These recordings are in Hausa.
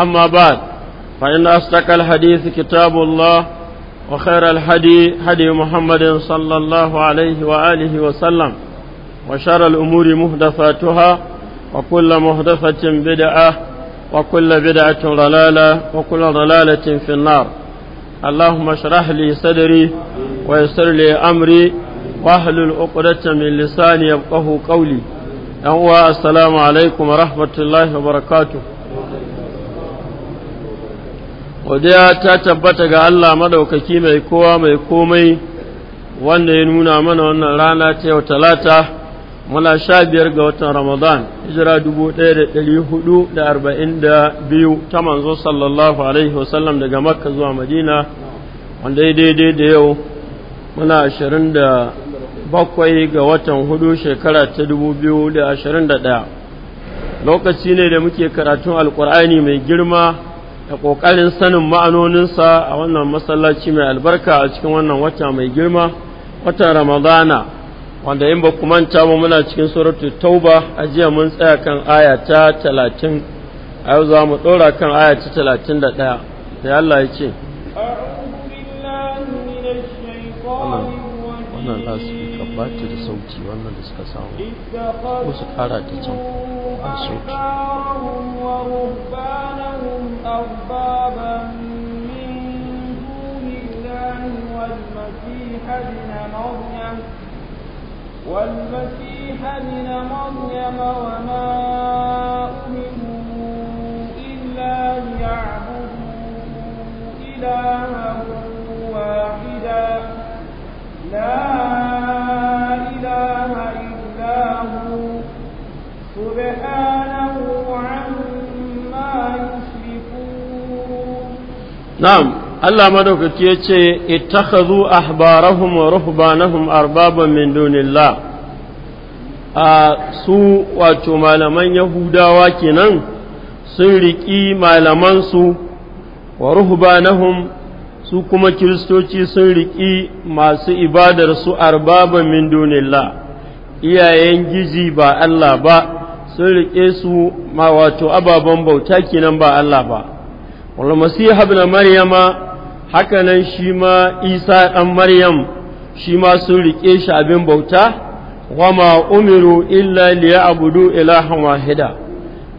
أما بعد فإن أصدق الحديث كتاب الله وخير الهدي هدي محمد صلى الله عليه وآله وسلم وشر الأمور مهدفاتها وكل مهدفة بدعة وكل بدعة ضلالة وكل ضلالة في النار اللهم اشرح لي صدري ويسر لي أمري واحلل عقدة من لساني يفقه قولي أهو السلام عليكم ورحمة الله وبركاته godiya ta tabbata ga Allah madaukaki mai kowa mai komai wanda ya nuna mana wannan rana ta yau talata muna sha biyar ga watan ramadan hijira dubu ɗaya da ɗari hudu da arba'in da biyu ta manzo sallallahu alaihi wasallam daga makka zuwa madina wanda ya daidai da yau muna ashirin da bakwai ga watan hudu shekara ta dubu biyu da ashirin da ɗaya lokaci ne da muke karatun alkur'ani mai girma da ƙoƙarin sanin ma'anoninsa a wannan masallaci mai albarka a cikin wannan wata mai girma watan ramadana wanda in ba ku manta ba muna cikin suratul tauba a jiya mun tsaya kan aya ta talatin a yau za mu ɗora kan aya ta talatin da ɗaya sai Allah ya ce wannan su ka bata da sauti wannan da suka samu ko su ƙara ta can a sauti أربابا من دون الله والمسيح ابن مريم والمسيح ابن مريم وما أمروا إلا ليعبدوا إلها واحدا لا إله إلا هو سبحانه عما na'am Allah madaukaki ya ce ittakhadhu ahbarahum wa ruhbanahum arbaban min a su wato malaman yahudawa kenan sun riƙi malamansu wa ruhbanahum su kuma kiristoci sun riƙi masu ibadar su arbaban min dunillah iyayen giji ba Allah ba sun riƙe su ma wato ababen bauta kenan ba Allah ba wala masih ibn maryama haka nan shi ma isa dan maryam shi ma sun rike shi abin bauta wa wama umiru illa liya'budu ilahan wahida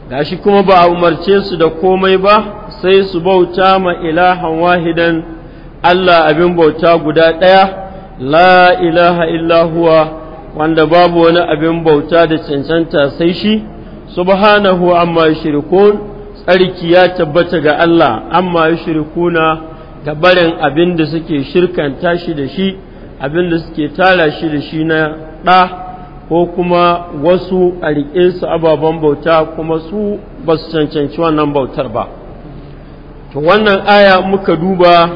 gashi kuma ba a umarce su da komai ba sai su bauta ma ilahan wahidan Allah abin bauta guda ɗaya la ilaha illa huwa wanda babu wani abin bauta da cancanta sai shi subhanahu amma shirkun tsarki ya tabbata ga Allah amma ya shirkuna da barin abin da suke shirkanta shi da shi abin da suke tara shi da shi na ɗa ko kuma wasu a riƙe su ababen bauta kuma su ba su cancanci wannan bautar ba to wannan aya muka duba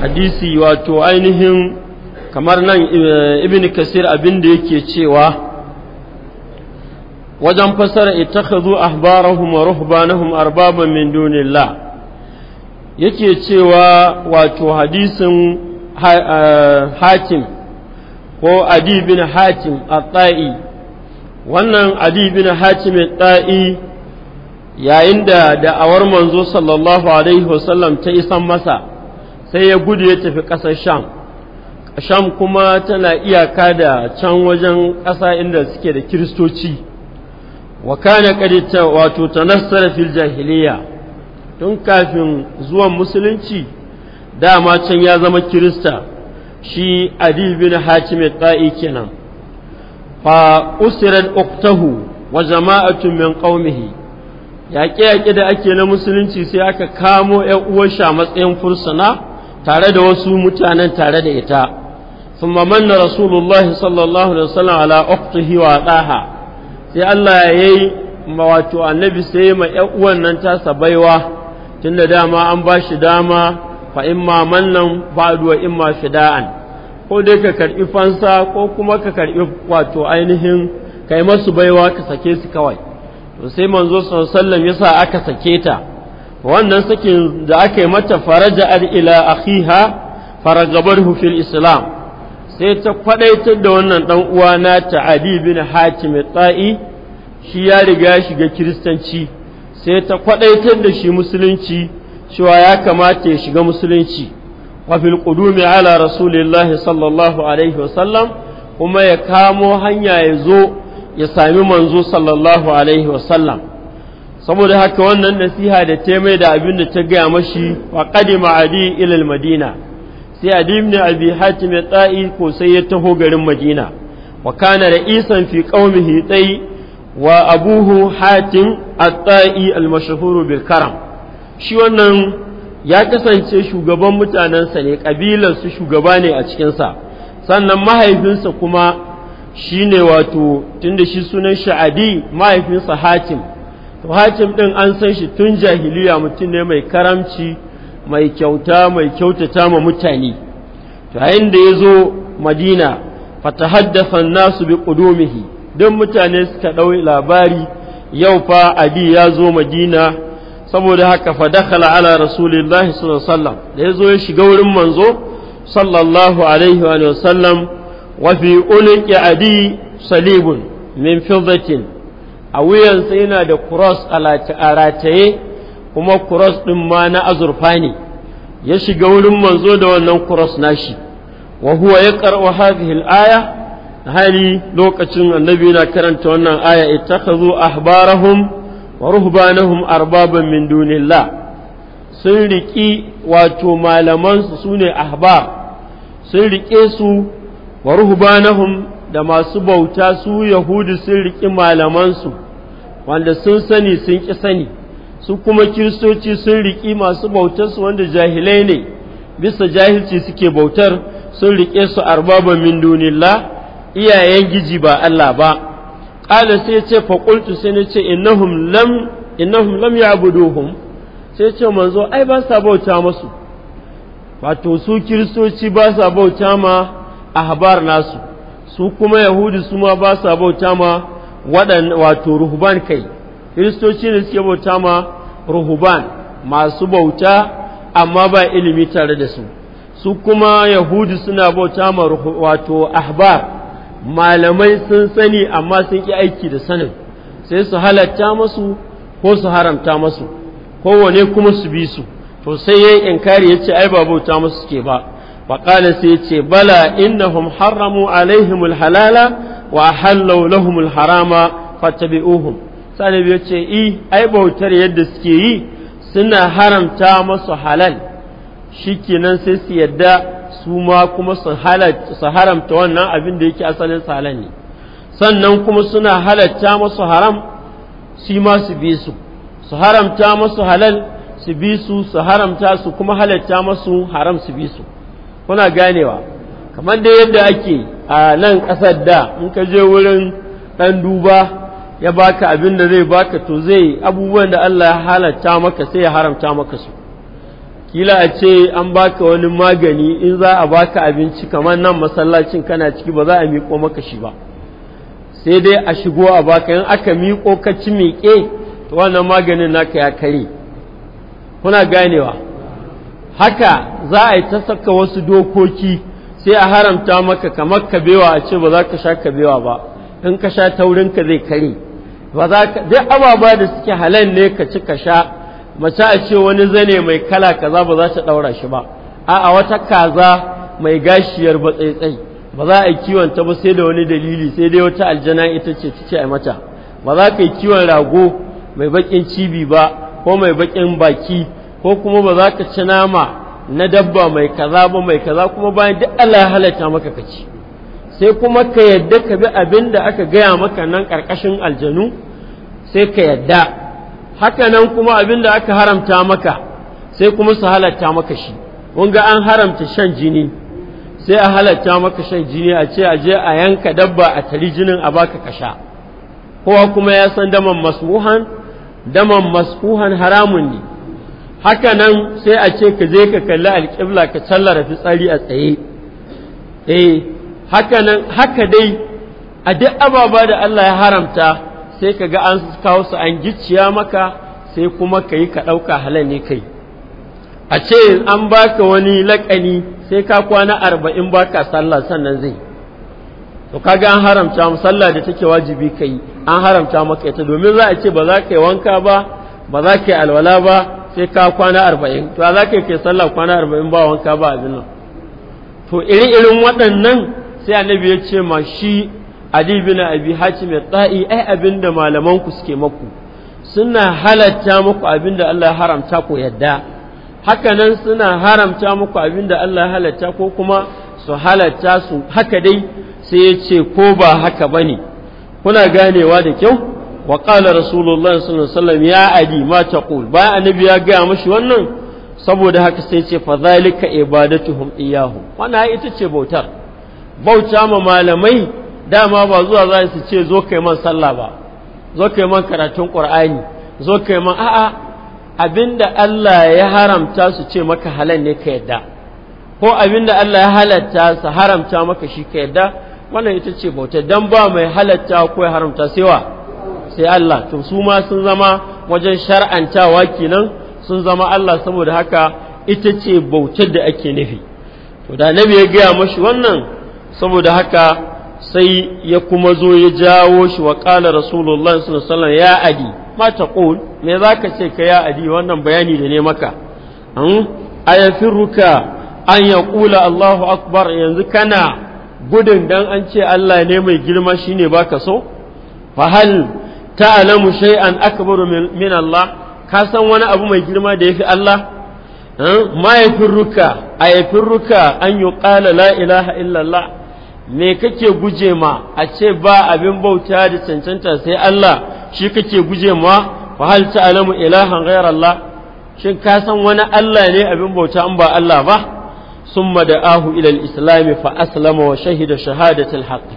hadisi wato ainihin kamar nan eh, ibn kasir abin da yake cewa wajen fasara ittakhadhu ahbarahum wa ruhbanahum arbaban min dunillah yake cewa wato hadisin eh, hakim ko adi hakim a tai wannan adi bin hakim tai yayin da da'awar manzo sallallahu alaihi wasallam ta isan masa sai ya gudu ya tafi ƙasar sham sham kuma tana iyaka da can wajen ƙasa inda suke da kiristoci wa kana qadita wato tanassara fil jahiliya tun kafin zuwan musulunci dama can ya zama kirista shi adi bin hatim ta'i kenan fa usirat uktahu wa jama'atun min qaumihi yaƙe-yaƙe da ake na musulunci sai aka kamo ‘yan uwansa matsayin fursuna tare da wasu mutanen tare da ita, sun mamanna sallallahu Alaihi wasallam ala uktihi wa ɗaha, sai Allah ya yi wato annabi sai ma ‘yan uwan nan ta baiwa tun da dama an ba shi dama fa ma mannan ma fi da'an. ko dai ka karɓi fansa ko kuma ka karɓi wato ainihin kai masu baiwa ka sake su kawai to sai manzo sallam ya sa aka sake ta wannan sakin da aka yi mata faraja ila akhiha faragabar fil islam sai ta kwadaitar da wannan dan uwa ta Ali bin Hatim Tsa'i shi ya riga shiga kiristanci sai ta kwadaitar da shi musulunci cewa ya kamata ya shiga musulunci wa fil qudumi ala rasulillahi sallallahu alaihi wasallam kuma ya kamo hanya ya zo ya sami manzo sallallahu alaihi wasallam saboda haka wannan nasiha da ta mai da abin da ta gaya mashi wa qadima ali ila madina sai adi ibn abi hatim ya tsa'i ko sai ya taho garin madina wa kana ra'isan fi qaumihi tsayi wa abuhu hatim at tsa'i al bil karam shi wannan ya kasance shugaban mutanensa ne ƙabilarsu shugaba ne a cikinsa sannan mahaifinsa kuma shi ne wato tunda shi sunan sha'adi mahaifinsa hatim to hatim ɗin an san shi tun jahiliya mutum ne mai karamci mai kyauta mai kyautata ma mutane to yayin da ya zo madina an nasu bi qudumihi dan mutane suka dauki labari yau fa abi ya zo madina saboda haka fa dakhala ala rasulillahi sallallahu alaihi wasallam da ya ya shiga wurin manzo sallallahu alaihi wa sallam wa fi ulqi adi salibun min fiddatin a wuyansa yana da cross a rataye kuma kuros ɗin ma na azurfa ne ya shiga wurin manzo da wannan kuros nashi wa huwa ya karɓa hadhihi aya hali lokacin annabi na karanta wannan aya ittakhadhu ahbarahum wa ruhbanahum arbaban min dunillah sun riki wato malaman su sune ahbar sun rike su wa ruhbanahum da masu bauta su yahudi sun riki malaman su wanda sun sani sun ki sani su kuma kiristoci sun riƙi masu bautarsu wanda jahilai ne bisa jahilci suke bautar sun riƙe su arbaba min dunilla iyayen giji ba Allah ba ƙala sai ce faƙultu sai na ce innahum lam innahum lam ya'buduhum sai ce manzo ai ba sa bauta masu wato su kiristoci ba sa bauta ma ahbar nasu su kuma yahudu su ma ba sa bauta ma wadan wato ruhban kai kiristoci ne suke bauta ma ruhuban masu bauta amma ba ilimi tare da su su kuma yahudu suna bauta ma wato ahbar malamai sun sani amma sun ƙi aiki da sanin sai su halatta masu ko su haramta masu kowane kuma su bi su to sai ya inkari ya ce ai ba bauta masu suke ba faƙala sai ya ce bala innahum haramu alaihimul halala wa halau lahumul harama fattabi'uhum salibi ya ce i eh, ai bautar yadda suke yi suna haramta masu halal shikenan sai su yadda su ma kuma su haramta wannan abin da yake asalin halal ne sannan kuma suna halatta masu haram su ma su bi su su haramta masu halal su bi su su haramta su kuma halatta masu haram su bi su kuna ganewa kamar da yadda ake a nan ƙasar da in ka je wurin ɗan duba ya baka abin da zai baka to zai abubuwan da Allah ya halatta maka sai ya haramta maka su kila a ce an baka wani magani in za a baka abinci kamar nan masallacin kana ciki ba za a miƙo maka shi ba sai dai a shigo a baka in aka miƙo ka ci miƙe to wannan maganin naka ya kare kuna ganewa haka za a yi ta saka wasu dokoki sai a haramta maka kamar kabewa a ce ba za ka sha kabewa ba in ka sha taurinka zai kare ba ka duk ababa da suke halal ne ka ci ka sha mace a ce wani zane mai kala kaza ba za ta ɗaura shi ba a'a wata kaza mai gashiyar tsaitsai ba za a yi kiwon ta ba sai da wani dalili sai dai wata aljana ita ce ta ce a mata ba za ka yi kiwon rago mai bakin cibi ba ko mai bakin baki ko kuma ba za ka ci nama na dabba mai kaza ba mai kaza kuma bayan duk Allah ya halatta maka ka ci sai kuma ka yadda ka bi abin da aka gaya maka nan ƙarƙashin aljanu sai ka yadda haka nan kuma abin da aka haramta maka sai kuma su halatta maka shi ga an haramta shan jini sai a halatta maka shan jini a ce a je a yanka dabba a tari jinin a baka kasha kowa kuma ya san daman masuhan daman masuhan haramun ne haka nan sai a ce ka je ka kalli alƙibla ka tallara fitsari a tsaye eh hakanan haka dai a duk ababa da Allah ya haramta sai ka ga an kawo su an gicciya maka sai kuma ka yi ka ɗauka halar ne kai a ce an baka wani laƙani sai ka kwana arba'in baka sallah sannan zai to kaga an haramta mu sallah da take wajibi kai an haramta maka ita domin za a ce ba za ka yi wanka ba ba za ka yi alwala ba sai ka kwana arba'in to za ka yi sallah kwana arba'in ba wanka ba abin nan to iri irin waɗannan sai annabi ya ce ma shi adi bin abi haci ya tsa'i ai abinda malaman ku suke maku suna halatta muku da Allah haramta ko yadda hakanan suna haramta muku da Allah halatta ko kuma su halatta su haka dai sai ya ce ko ba haka bane kuna ganewa da kyau wa qala rasulullahi sallallahu alaihi wasallam ya adi ma taqul ba annabi ya gaya mashi wannan saboda haka sai ce fa zalika ibadatuhum iyahu wannan ita ce bautar bauta ma malamai dama ba zuwa za su ce zo kai man sallah ba zo kai man karatun qur'ani zo kai man a'a abinda Allah ya haramta su ce maka halal ne ka yadda ko abinda Allah ya halatta su haramta maka shi ka yadda wannan ita ce bauta dan ba mai halatta ko ya haramta sai wa sai Allah to su ma sun zama wajen shar'antawa kenan sun zama Allah saboda haka ita ce bautar da ake nufi to da nabi ya gaya mashi wannan saboda haka sai ya kuma zo ya jawo shi wa ƙala rasulullah sallallahu ya adi ma ƙul me za ka ce ka ya adi wannan bayani da ne maka an ayafiruka an ya ƙula allahu akbar yanzu kana gudun dan an ce Allah ne mai girma shine baka so fa hal alamu shay'an akbaru min Allah ka san wani abu mai girma da ya fi Allah ma a yafirruka ayafirruka an ƙala la ilaha illallah me kake guje ma a ce ba abin bauta da cancanta sai Allah shi kake guje ma fa hal ta'lamu ilahan ghayra Allah shin ka san wani Allah ne abin bauta in ba Allah ba summa da'ahu ila al-islam fa aslama wa shahida shahadatul haqq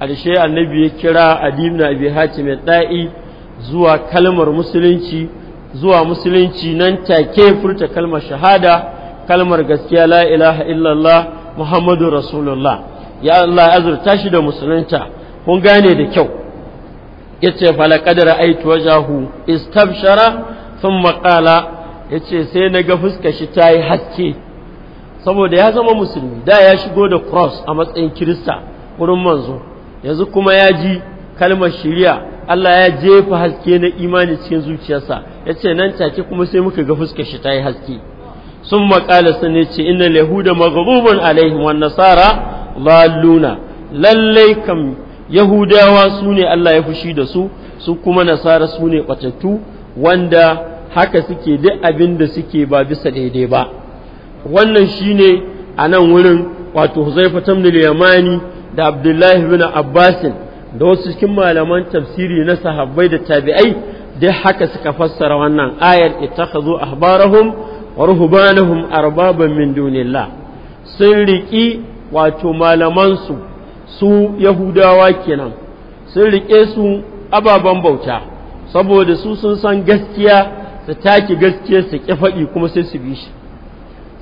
alshe annabi ya kira na abi hatim da'i zuwa kalmar musulunci zuwa musulunci nan take furta kalmar shahada kalmar gaskiya la ilaha illallah muhammadur rasulullah ya Allah ya azurta shi da musulunta kun gane da kyau yace falaqad ra'aytu wajahu istabshara thumma qala yace sai na ga fuskar shi tayi haske saboda ya zama musulmi da ya shigo da cross a matsayin kirista wurin manzo yanzu kuma ya ji kalmar shiriya Allah ya jefa haske na imani cikin zuciyarsa yace nan take kuma sai muka ga fuska shi tayi haske sun maƙala sun ce inna lahuda magarubin alaihim wan nasara dhalluna lallai kam yahudawa su ne Allah ya fushi da su su kuma nasara su ne batattu wanda haka suke duk abin da suke ba bisa daidai ba wannan shine a nan wurin wato Huzaifa tamnil Yamani da Abdullahi bin Abbasin da wasu cikin malaman tafsiri na sahabbai da tabi'ai da haka suka fassara wannan ayar ittakhadhu ahbarahum wa ruhbanahum arbaban min dunillah sun riƙi. wato malamansu su yahudawa kenan sun riƙe su ababen bauta saboda su sun san gaskiya su taki gaskiya su ƙi faɗi kuma sai su bi shi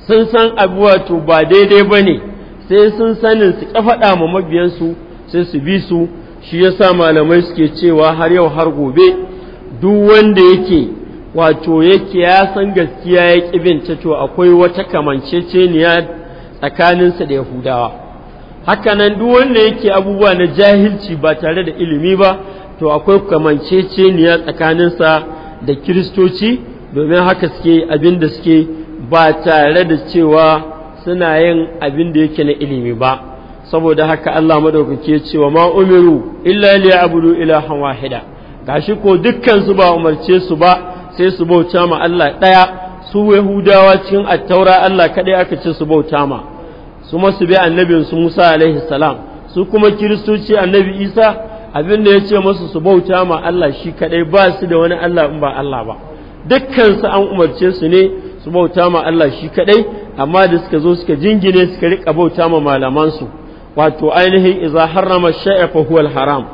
sun san abu wato ba daidai ba ne sai sun sanin su ƙi ma mabiyansu sai su bi su shi ya sa malamai suke cewa har yau har gobe duk wanda yake wato yake ya san gaskiya ya ƙi ta to akwai wata kamanceceniya tsakaninsa da yahudawa hakanan duk wanda yake abubuwa na jahilci ba tare da ilimi ba to akwai kamanceceniya tsakaninsa da kiristoci domin haka suke abin da suke ba tare da cewa suna yin abin da yake na ilimi ba saboda haka Allah madaukake cewa ma umiru illa liya'budu ilahan wahida gashi ko dukkan su ba umarce su ba sai su bauta ma Allah ɗaya su Yahudawa cikin attaura Allah kaɗai aka ce su bauta ma su masu bi annabin su Musa alaihi salam su kuma kiristoci annabi Isa abin da ya ce masu su bauta ma Allah shi kadai ba su da wani Allah in ba Allah ba dukkan su an umarce su ne su bauta ma Allah shi kadai amma da suka zo suka jingine suka rika bauta ma malaman su wato ainihin idza harrama shay'a fa huwa haram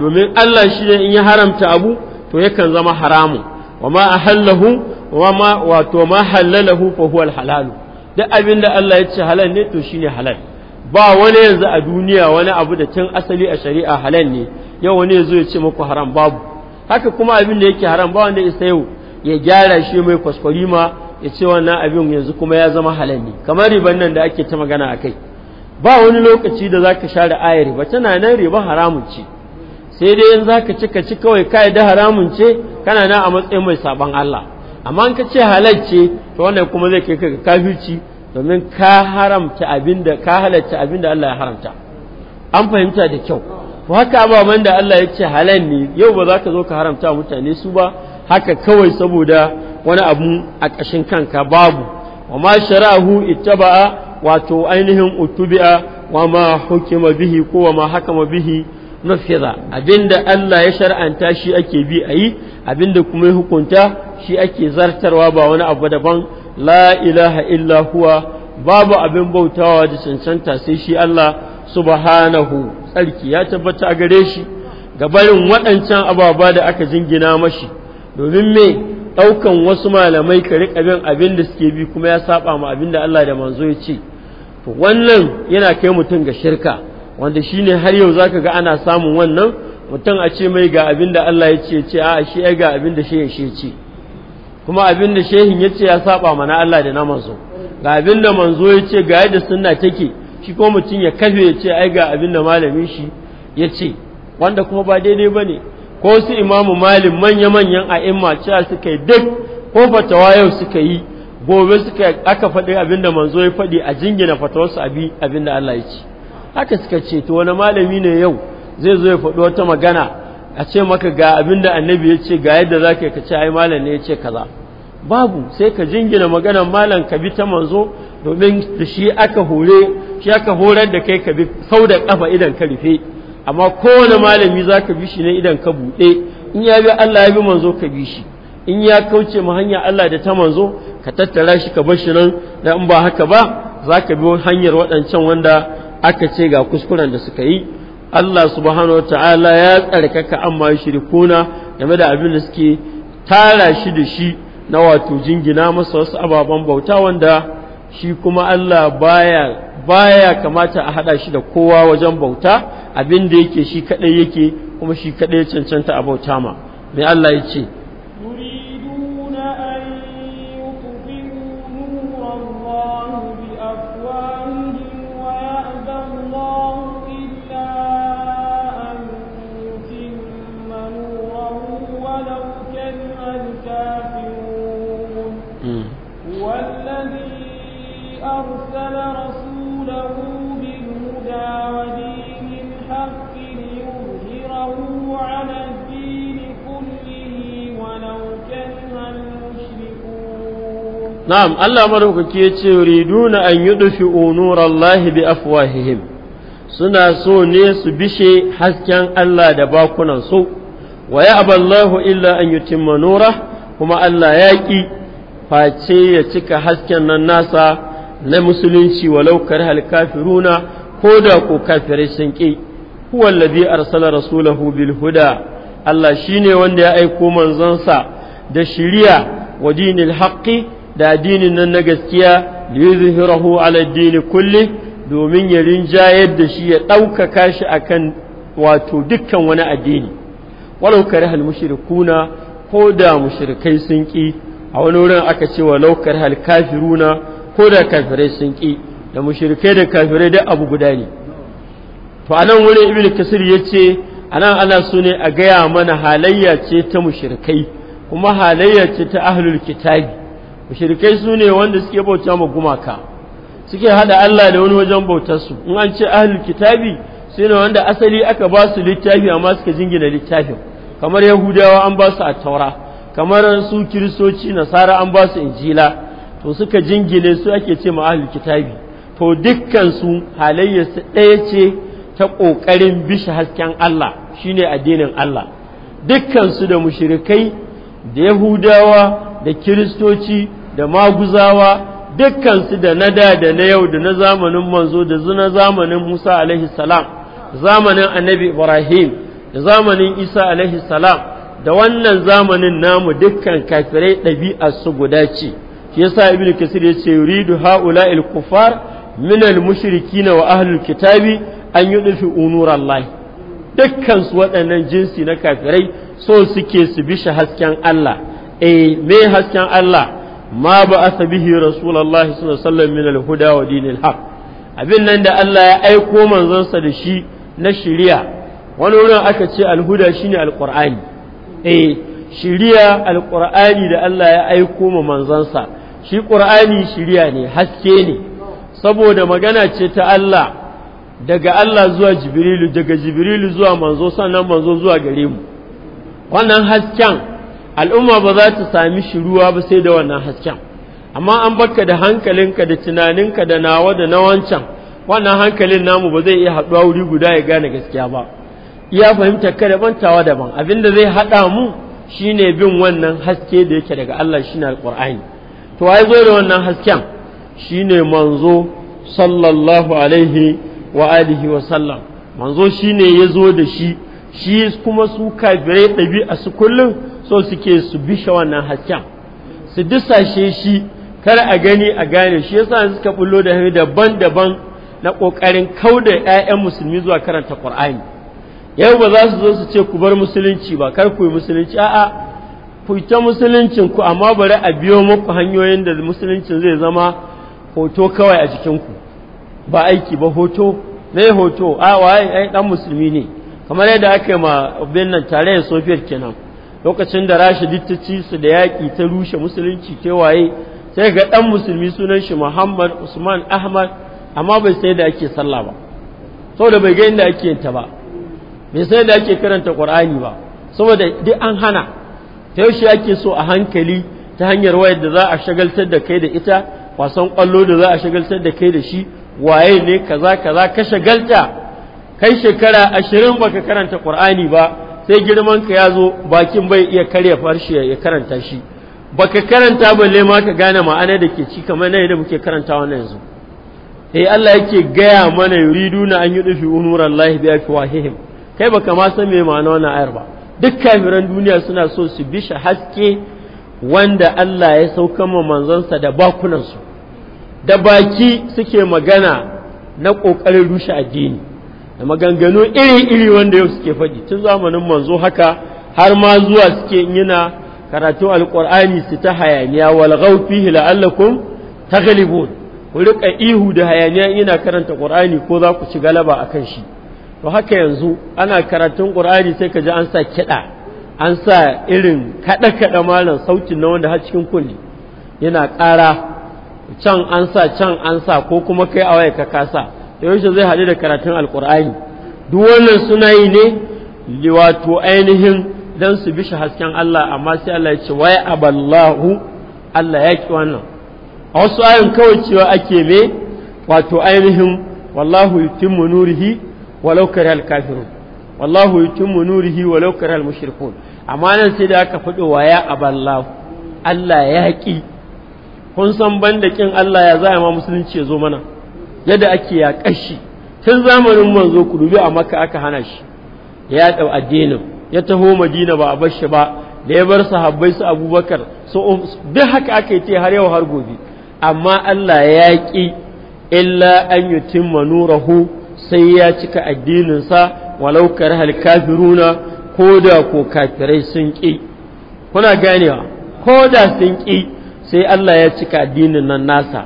domin Allah shi ne in ya haramta abu to yakan zama haramu wa ma ahallahu wa ma wato ma halalahu fa huwa halalu duk abin da Allah ya ce halal ne to shine halal ba wani yanzu a duniya wani abu da can asali a shari'a halal ne yau wani yazo ya ce muku haram babu haka kuma abin da yake haram ba wanda isa yau ya gyara shi mai kwaskwari ma ya ce wannan abin yanzu kuma ya zama halal ne kamar riban nan da ake ta magana a kai ba wani lokaci da zaka share ayar riba tana nan riba haramun ce sai dai in zaka ka ci kawai kai da haramun ce kana nan a matsayin mai saban Allah amma in ka ce halal to wannan kuma zai kai ka kafirci domin ka haramta abinda ka halalta abinda Allah ya haramta an fahimta da kyau to haka ababen da Allah ya ce halal ne yau ba za ka zo ka haramta mutane su ba haka kawai saboda wani abu a ƙashin kanka babu wa ma shara'ahu ittaba'a wato ainihin utubi'a wa ma hukima bihi ko wa ma hakama bihi nafiza abinda Allah ya shar'anta shi ake bi ayi abinda kuma ya hukunta shi ake zartarwa ba wani abu daban la ilaha illa huwa babu abin bautawa da cancanta sai shi Allah subhanahu tsarki ya tabbata a gare shi ga barin waɗancan ababa da aka jingina mashi domin me ɗaukan wasu malamai ka riƙa bin abin da suke bi kuma ya saba ma abin da Allah da manzo ya ce to wannan yana kai mutum ga shirka wanda shine har yau zaka ga ana samun wannan mutum a ce mai ga abin da Allah ya ce ce a shi ga abin da shi ya ce kuma abin da shehin ya ce ya saba mana Allah da na ga abin da manzo ya ce ga yadda sunna take shi ko mutum ya kafe ya ce ai ga abin da malamin shi ya ce wanda kuma ba daidai ba ne ko su imamu malin manya-manyan a a'imma cewa suka yi duk ko fatawa yau suka yi gobe suka aka faɗi abin da manzo ya faɗi a jingina fatawarsu abin da Allah ya ce haka suka ce to wani malami ne yau zai zo ya faɗi wata magana a ce maka ga abinda annabi ya ce ga yadda za ka ce ai malam ne ya ce kaza babu sai ka jingina maganar malam ka bi ta manzo domin da shi aka hore shi aka horar da kai ka bi sau da kafa idan ka rufe amma kowane malami za ka bi shi ne idan ka buɗe in ya bi Allah ya bi manzo ka bi shi in ya kauce ma hanya Allah da ta manzo ka tattara shi ka bar shi nan da in ba haka ba za ka bi hanyar waɗancan wanda aka ce ga kuskuren da suka yi Allah subhanahu wa ta'ala ya tsarkaka amma shirkuna game da abin da suke tara shi da shi na wato jingina masa wasu ababen bauta wanda shi kuma Allah baya kamata a hada shi da kowa wajen bauta abin da yake shi kadai yake kuma shi kadai cancanta a bauta ma mai Allah ya ce na'am Allah madaukaki ya ce riduna an yudfi'u nurallahi bi afwahihim suna so ne su bishe hasken Allah da bakunan su wa ya'ballahu illa an yutimma nura kuma Allah ya ki face ya cika hasken nan nasa na musulunci walau karhal kafiruna ko da ko kafirai sun ki huwa alladhi arsala rasulahu bil huda Allah shine wanda ya aiko manzansa da shiriya wa dinil haqqi da addinin nan na gaskiya da yuzhirahu ala dini kulle domin ya rinjayar da shi ya ɗaukaka shi kan wato dukkan wani addini walau karihal mushrikuna ko da mushrikai sun ƙi, a wani wurin aka ce laukar karihal kafiruna ko da kafirai sun ƙi. da mushirikai da kafirai da abu guda ne to anan wurin ibn kasir a nan ana so ne a gaya mana halayya ce ta mushirkai kuma halayya ce ta ahlul kitabi mushirikai su ne wanda suke bauta ma gumaka suke hada Allah da wani wajen bautarsu in an ce ahlul kitabi su ne wanda asali aka ba su littafi amma suka jingina littafin kamar yahudawa an ba su a taura kamar su kiristoci nasara an ba su injila to suka jingine su ake ce ma ahlul kitabi to dukkan su halayyarsu ɗaya ce ta ƙoƙarin bishe hasken Allah shine addinin Allah dukkan su da mushrikai da yahudawa da kiristoci da maguzawa dukkansu da na da da na yau da na zamanin manzo da na zamanin Musa alaihi salam zamanin annabi Ibrahim da zamanin Isa alaihi salam da wannan zamanin namu dukkan kafirai ɗabi'a su guda ce shi yasa ibnu kasir ya ce yuridu haula al kufar min al mushrikin wa ahli kitabi an yudfi unur Allah dukkan su waɗannan jinsi na kafirai so suke su bi shi hasken Allah eh me hasken Allah ma ba'atha bihi rasulullahi sallallahu alaihi min al-huda wa dinil haq abin nan da Allah ya aiko manzansa da shi na shiriya wani wurin aka ce alhuda shine alqur'ani eh shiriya alqur'ani da Allah ya aiko ma manzansa shi qur'ani shiriya ne haske ne saboda magana ce ta Allah daga Allah zuwa jibrilu daga jibrilu zuwa manzo sannan manzo zuwa gare mu wannan hasken al'umma ba za ta sami shi ruwa ba sai da wannan hasken amma an baka da hankalinka da tunaninka da nawa da na wancan wannan hankalin namu ba zai iya haɗuwa wuri guda ya gane gaskiya ba iya fahimtar ka daban tawa daban abinda zai haɗa mu shine bin wannan haske da yake daga Allah shine alqur'ani to ai zo da wannan hasken shine manzo sallallahu alaihi wa alihi wa sallam manzo shine ya zo da shi shi kuma su kafirai ɗabi'a su kullum so suke su bi bishe wannan hasken su dusashe shi kar a gani a gane shi yasa suka bullo da hanyoyi daban-daban na ƙoƙarin kauda ƴaƴan musulmi zuwa karanta Qur'ani yau ba za su zo su ce ku bar musulunci ba kar ku yi musulunci a'a ku ta musuluncin ku amma bari a biyo muku hanyoyin da musuluncin zai zama hoto kawai a cikin ku ba aiki ba hoto me hoto a waye ai dan musulmi ne kamar yadda aka yi ma bin nan tare da sofiyar kenan lokacin da Rashi ta ci su da yaƙi ta rushe musulunci ta waye sai ga ɗan musulmi sunan shi muhammad usman ahmad amma bai sai da ake sallah ba saboda bai ga inda ake yanta ba bai sai da ake karanta qur'ani ba saboda duk an hana ta yaushe ake so a hankali ta hanyar wayar da za a shagaltar da kai da ita wasan kwallo da za a shagaltar da kai da shi waye ne kaza kaza ka shagalta kai shekara ashirin baka karanta qur'ani ba sai girman ka ya zo bakin bai iya karya farshe ya karanta shi baka karanta ne ma ka gane ma'anar da ke ci kamar nan da muke karanta wannan yanzu eh Allah yake gaya mana yuriduna an yi yudufi unurallahi bi afwahihim kai baka ma san me ma'ana wannan ayar ba duk kafiran duniya suna so su bi shi haske wanda Allah ya sauka ma manzansa da bakunansu da baki suke magana na ƙoƙarin rushe addini da maganganu iri-iri wanda yau suke faɗi tun zamanin manzo haka har ma zuwa suke yana karatu alƙur'ani su ta hayaniya wal la'allakun la'allakum taghlibun ku riƙa ihu da hayaniya yana karanta ƙur'ani ko za ku ci galaba a kan shi to haka yanzu ana karatun ƙur'ani sai ka ji an sa kiɗa an sa irin kaɗe-kaɗe malam sautin na wanda har cikin kulli yana ƙara can an sa can an sa ko kuma kai a waya ka kasa yaushe zai haɗu da karatun Alƙur'ani duk wannan suna yi ne wato ainihin don su bi hasken Allah amma sai Allah ya ce wai aballahu Allah ya ki wannan a wasu ayin kawai cewa ake me wato ainihin wallahu yutimmu nurihi walau karihal kafirun wallahu yutimmu nurihi walau karihal mushrikun amma nan sai da aka faɗo wa ya aballahu Allah ya ki kun san banda kin Allah ya za ma musulunci ya zo mana yadda ake ya shi tun zamanin manzo ku dubi a maka aka hana shi ya ɗau addinin ya taho madina ba a bar shi ba da ya bar sahabbai su abubakar su duk haka aka yi ce har yau har gobe amma Allah ya yaƙi illa an yi timma nurahu sai ya cika addininsa walau karhal kafiruna ko da ko kafirai sun ƙi kuna ganewa ko da sun ƙi sai Allah ya cika addinin nan nasa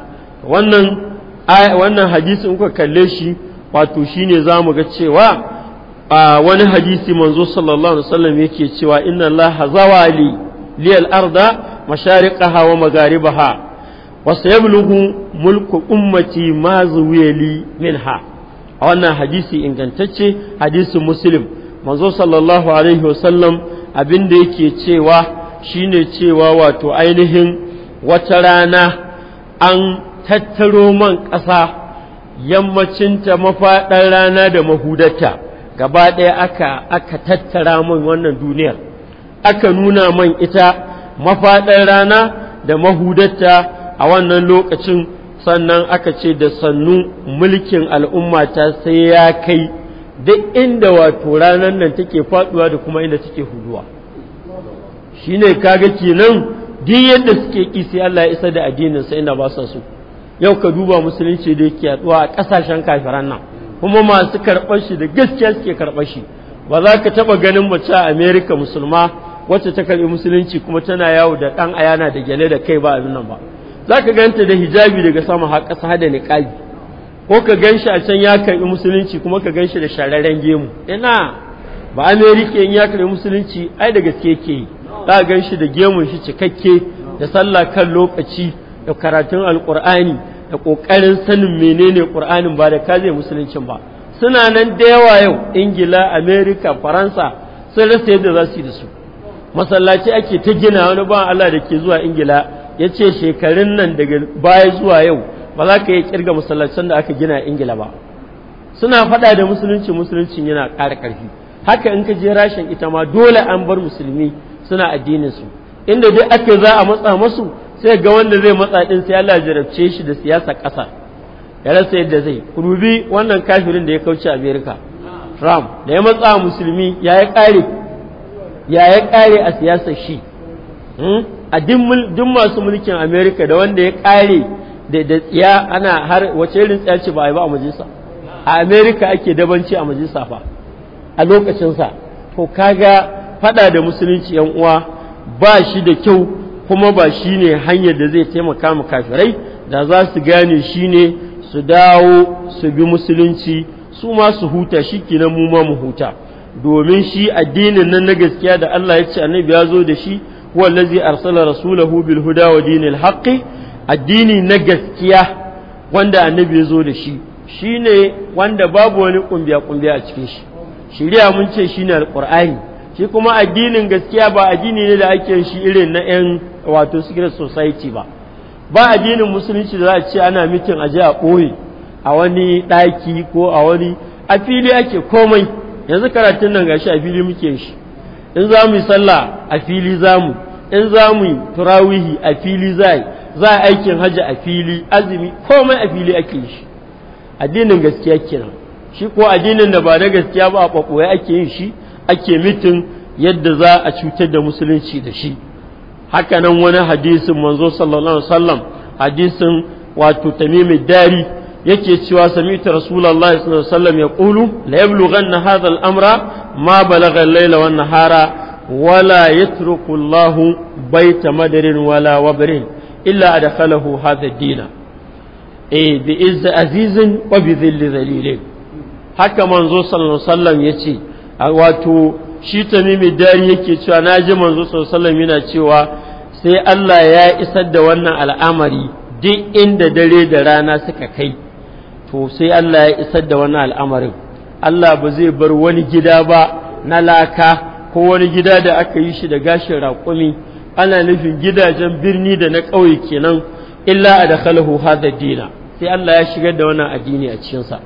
wannan wannan hadisi in kuka kalle shi wato shine zamu ga cewa a wani hadisi manzo sallallahu alaihi wasallam yake cewa inna Allah zawali li arda mashariqaha wa magharibaha wa sayablughu mulku ummati ma zuwiyali minha a wannan hadisi ingantacce hadisi muslim manzo sallallahu alaihi wasallam abinda yake cewa shine cewa wato ainihin wata rana an tattaro man ƙasa yammacinta mafaɗar rana da mahudarta gaba ɗaya aka aka tattara man wannan duniyar aka nuna man ita mafaɗar rana da mahudarta a wannan lokacin sannan aka ce da sannu mulkin al'ummata sai ya kai duk inda wato ranar nan take faɗuwa da kuma inda take huduwa Shi shine kaga kenan duk yadda suke ƙi sai Allah ya isa da addinin sai ina ba su yau ka duba musulunci da yake yaduwa a kasashen kafiran nan kuma masu karɓar shi da gaskiya suke karɓar shi ba za ka taɓa ganin mace a amerika musulma wacce ta karɓi musulunci kuma tana yawo da ɗan ayana da gyale da kai ba abin nan ba za ka ganta da hijabi daga sama har ƙasa da niƙabi ko ka gan shi a can ya karɓi musulunci kuma ka gan shi da shararren gemu ina ba amerika in ya karɓi musulunci ai da gaske ke yi za gan shi da gemun shi cikakke da sallah kan lokaci da karatun alƙur'ani da ƙoƙarin sanin menene ƙur'anin ba da kaje musuluncin ba suna nan da yawa yau ingila amerika faransa sun rasa yadda za su yi da su masallaci ake ta gina wani ba allah da ke zuwa ingila ya ce shekarun nan daga baya zuwa yau ba za ka yi kirga masallacin da aka gina ingila ba suna faɗa da musulunci musuluncin yana ƙara ƙarfi haka in ka je rashin ita ma dole an bar musulmi suna addinin su inda dai ake za a matsa masu sai ga wanda zai matsa din sai Allah jarabce shi da siyasa ƙasa ya rasa yadda zai kurubi wannan kafirin da ya kauce America ram da ya matsa musulmi ya yi ƙare ya yi ƙare a siyasar shi hmm? a duk masu mulkin America da wanda ya ƙare da tsiya ana har wace irin tsiya ce ba a yi ba a majalisa a amerika ake dabanci a majalisa fa a lokacinsa to kaga fada da musulunci yan uwa ba shi da kyau kuma ba shi ne hanyar da zai taimaka mu kafirai da za su gane shi ne su dawo su bi musulunci su ma su huta shi shikenan mu ma mu huta domin shi addinin nan na gaskiya da Allah ya ce annabi ya zo da shi wallazi arsala rasulahu bil huda wa dinil haqqi addini na gaskiya wanda annabi ya zo da shi shine wanda babu wani kumbiya kumbiya a cikin shi shari'a mun ce shine alqur'ani shi kuma addinin gaskiya ba addini ne da ake shi irin na 'yan wato secret society ba ba addinin musulunci da za a ce ana mitin aje a ɓoye a wani ɗaki ko a wani a fili ake komai yanzu karatun nan gashi a fili muke shi in za mu yi sallah a fili za mu in za mu yi turawihi a fili za za a aikin hajji a fili azumi komai a fili ake shi addinin gaskiya kenan shi ko addinin da ba na gaskiya ba a ɓaɓɓoye ake yin shi ake mitin yadda za a cutar da musulunci da shi haka nan wani hadisin manzo sallallahu alaihi wasallam hadisin wato tamimi dari yake cewa sami'tu rasulullahi sallallahu alaihi wasallam ya qulu la yablughanna hadha al-amra ma balagha al-layla wan nahara wala yatruku Allahu baita madarin wala wabrin illa adkhalahu hadha ad dina eh bi izz azizin wa bi dhilli dhalilin haka manzo sallallahu alaihi wasallam yace wato shi tamimi dari yake cewa na ji manzo sallallahu yana cewa sai Allah ya isar da wannan al'amari duk inda dare da rana suka kai to sai Allah ya isar da wannan al'amarin Allah ba zai bar wani gida ba na laka ko wani gida da aka yi shi da gashin raƙumi ana nufin gidajen birni da na ƙauye kenan illa a da kalahu hada dina sai Allah ya shigar da wannan addini a cikinsa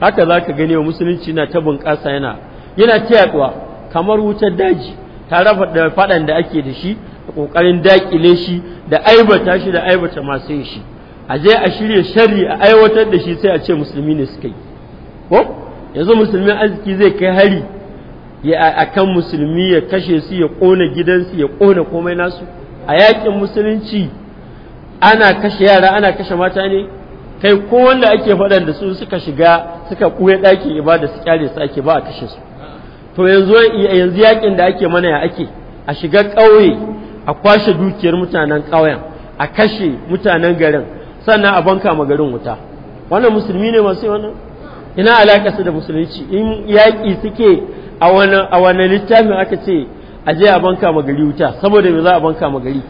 haka za ka gani wa musulunci na ta bunƙasa yana yana ta yaɗuwa kamar wutar daji ta rafa da faɗan da ake da shi da ƙoƙarin dakile shi da aibata shi da aibata masu yin shi a je a shirya shari a aiwatar da shi sai a ce musulmi ne suka yi ko yanzu musulmin arziki zai kai hari a kan musulmi ya kashe su ya kona gidansu ya kona komai nasu a yakin musulunci ana kashe yara ana kashe mata ne kai ko wanda ake faɗan da su suka shiga suka ɓuya ɗakin ibada su kyale su ake ba a kashe su to yanzu yanzu yakin da ake mana ya ake a shiga ƙauye a kwashe dukiyar mutanen ƙauyen a kashe mutanen garin sannan a banka ma garin wuta wannan musulmi ne masu wannan ina alaƙa su da musulunci in yaki suke a wani a wani littafin aka ce a je a banka ma gari wuta saboda me za a banka ma gari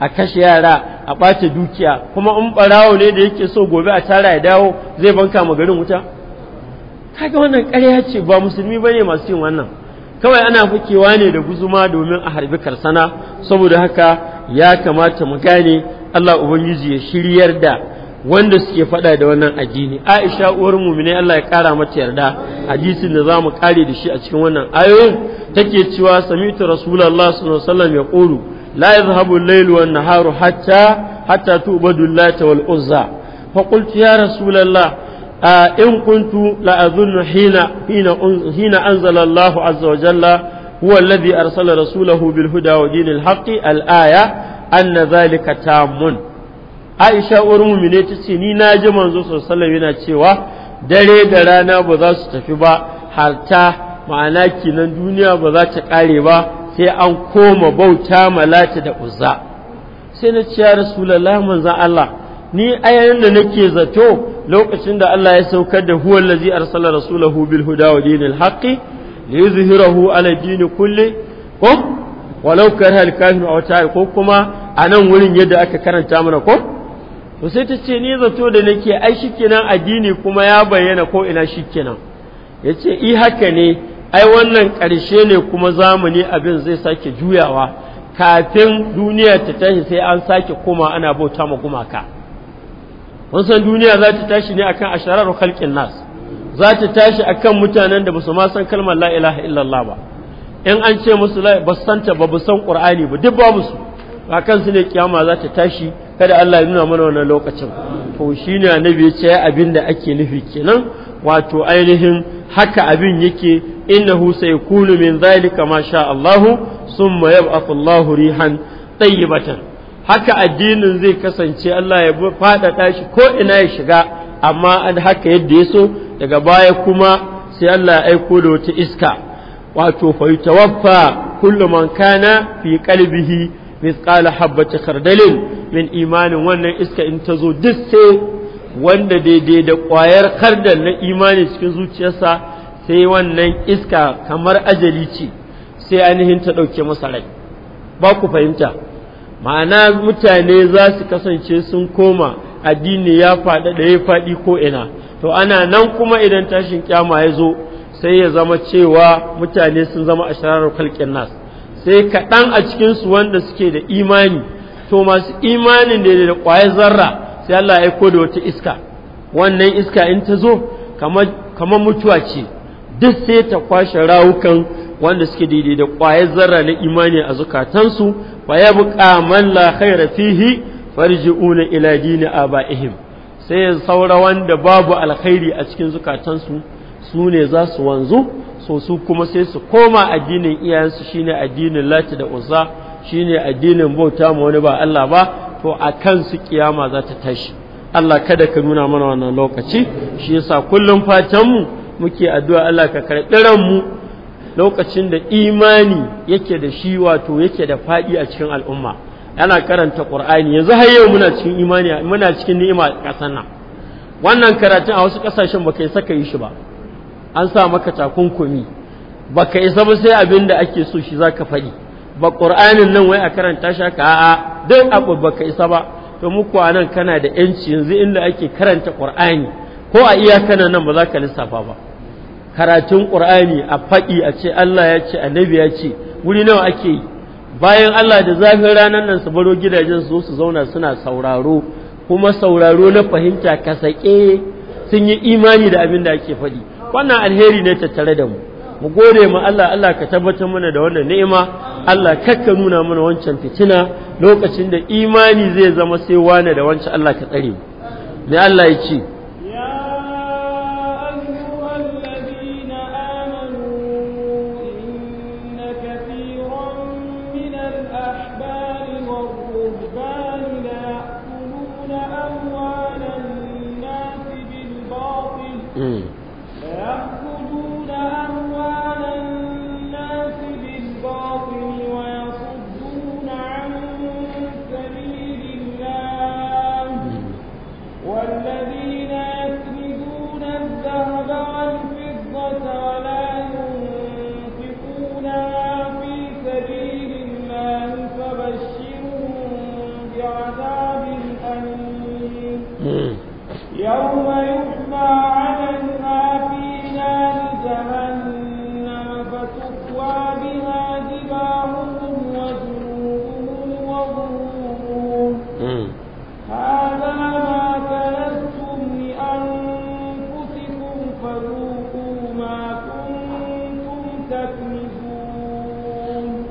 a kashe yara a ɓace dukiya kuma in ɓarawo ne da yake so gobe a tara ya dawo zai banka ma garin wuta kaga wannan ƙarya ce ba musulmi ba ne masu yin wannan kawai ana fakewa ne da guzuma domin a harbi karsana saboda haka ya kamata mu gane Allah ubangiji ya shiryar da wanda suke faɗa da wannan addini Aisha uwar mu'mini Allah ya ƙara mata yarda hadisin da zamu kare da shi a cikin wannan ayoyin take cewa sami'tu rasulullahi sallallahu alaihi wasallam ya qulu la yadhhabu al laylu wa an-naharu hatta hatta tu'badu al-lata wal-uzza fa qultu ya rasulullahi in kuntu la azunnu hina hina hina anzala Allah azza wa jalla huwa alladhi arsala rasulahu bil huda wa dinil haqqi al aya anna zalika tamun Aisha uwar mu'mine tace ni na ji manzo sallallahu alaihi yana cewa dare da rana ba za su tafi ba harta ma'ana kinan duniya ba za ta kare ba sai an koma bauta malati da uzza sai na ce ya rasulullah manzon Allah ni ayoyin da nake zato lokacin da Allah ya saukar da huwa allazi arsala rasulahu bil huda wa dinil haqqi yuzhirahu ala dini kulli ko walau kariha al kafir aw ta'i ko kuma a nan wurin yadda aka karanta mana ko to sai ta ce ni zato da nake ai shikenan addini kuma ya bayyana ko ina shikenan yace i haka ne ai wannan ƙarshe ne kuma zamani abin zai sake juyawa kafin duniya ta tashi sai an sake koma ana bauta ma gumaka mun san duniya za ta tashi ne akan asharar khalqin nas za ta tashi akan mutanen da basu ma san kalmar la ilaha illallah ba in an ce musu ba san ta ba bu san qur'ani ba duk babu su kan su ne kiyama za ta tashi kada Allah ya nuna mana wannan lokacin to shine annabi ya ce abin da ake nufi kenan wato ainihin haka abin yake innahu sayakunu min zalika ma sha Allah summa yab'athu Allahu rihan tayyibatan haka addinin zai kasance Allah ya faɗaɗa shi ko ina ya shiga amma an haka yadda ya so daga baya kuma sai Allah ya aiko da wata iska wato fa yutawaffa kullu man kana fi qalbihi misqala habbati khardalin min imanin wannan iska in ta zo duk sai wanda daidai da kwayar kardal na imani cikin zuciyarsa sai wannan iska kamar ajali ce sai ainihin ta ɗauke masa rai ba ku fahimta ma'ana mutane za su kasance sun koma addini ya faɗa da ya faɗi ko ina to ana nan kuma idan tashin kyama ya zo sai ya zama cewa mutane sun zama ashararar kalkin nas sai kaɗan a cikinsu wanda suke da imani to masu imanin da da ƙwaye zarra sai Allah ya aiko da wata iska wannan iska in ta zo kamar mutuwa ce duk sai ta kwashe rawukan wanda suke daidai da ƙwayar zarra na imani a zukatansu fa ya buƙa man la khaira fihi farji'una ila dini abaihim sai saura wanda babu alkhairi a cikin zukatansu su ne za su wanzu so su kuma sai su koma addinin iyayensu shine addinin lati da uzza shine addinin bauta ma wani ba Allah ba to a kansu kiyama za ta tashi Allah kada ka nuna mana wannan lokaci shi yasa kullum fatanmu muke addu'a Allah ka karɓi ranmu lokacin da imani yake da shi wato yake da faɗi a cikin al'umma yana karanta ƙur'ani yanzu har yau muna cikin imani muna cikin ni'ima kasan nan wannan karatun a wasu kasashen baka isa ka yi shi ba an sa maka takunkumi baka isa ba sai abin da ake so shi zaka faɗi ba qur'anin nan wai a karanta shi ka a'a duk abu baka isa ba to muku a nan kana da yanci yanzu inda ake karanta ƙur'ani ko a kana nan ba za ka lissafa ba karatun ƙur'ani a faɗi a ce Allah ya ce annabi ya ce wuri nawa ake yi bayan Allah da zafin ranar nan su baro gidajen su su zauna suna sauraro kuma sauraro na fahimta ka sake sun yi imani da abin da ake faɗi wannan alheri ne tattare da mu mu gode ma Allah Allah ka tabbatar mana da wannan ni'ima Allah kakka nuna mana wancan fitina lokacin da imani zai zama sai wane da wancan Allah ka tsare mu me Allah ya ce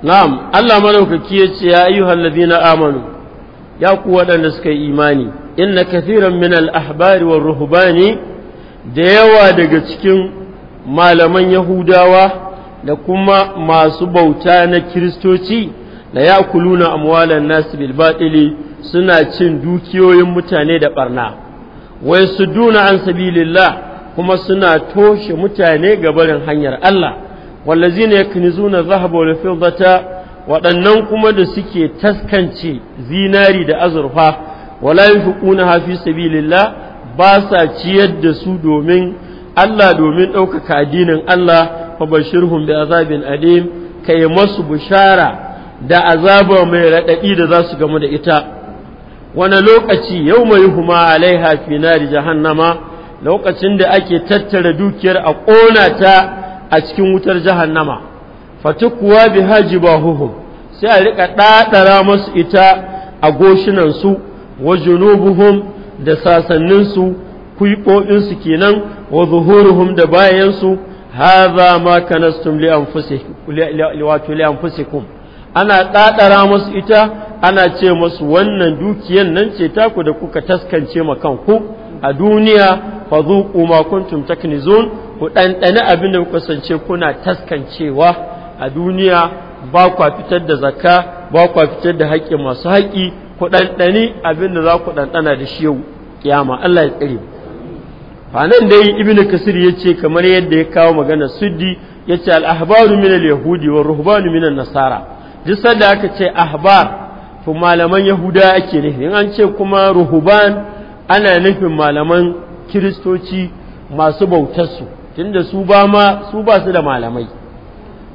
na'am Allah malaukaki ya ce ya ayyuhal ladina amanu ya ku waɗanda suka yi imani inna kathiran min al-ahbari war ruhbani da yawa daga cikin malaman yahudawa da kuma masu bauta na kiristoci ya kuluna amwalan nas bil batili suna cin dukiyoyin mutane da barna wai su duna an sabilillah kuma suna toshe mutane ga barin hanyar Allah wallazina yaknizuna dhahaba wal fiddata waɗannan kuma da suke taskance zinari da azurfa wala yunfiquna fi sabilillah ba sa ciyar da su domin Allah domin ɗaukaka addinin Allah fa bashirhum bi azabin adim kai masu bushara da azaba mai raɗaɗi da zasu gamu da ita wani lokaci yau mai huma alaiha finari jahannama lokacin da ake tattara dukiyar a ƙona ta a cikin wutar jahannama fatukuwa bi huhu, sai a rika ɗaɗara masu ita a goshinansu wa junubuhum da sasannin sasanninsu su kenan wa zuhuruhum da bayansu hadha ma kanastum li anfusikum ana ɗaɗara masu ita ana ce masu wannan dukiyan nan ce taku da kuka taskance ma kanku a duniya fa zuqu ma kuntum taknizun ku ɗanɗani abin da kusance kuna taskancewa a duniya ba kwa fitar da zaka ba kwa fitar da haƙƙi masu haƙƙi ku ɗanɗani abin da za ku ɗanɗana da shi yau kiyama Allah ya tsire fa nan dai ibnu kasir ya ce kamar yadda ya kawo magana suddi yace ce al'ahbaru min al yahudi wa ruhbanu min nasara duk sanda aka ce ahbar to malaman yahuda ake nufi in an ce kuma ruhban ana nufin malaman kiristoci masu bautarsu tunda su ba ma su ba su da malamai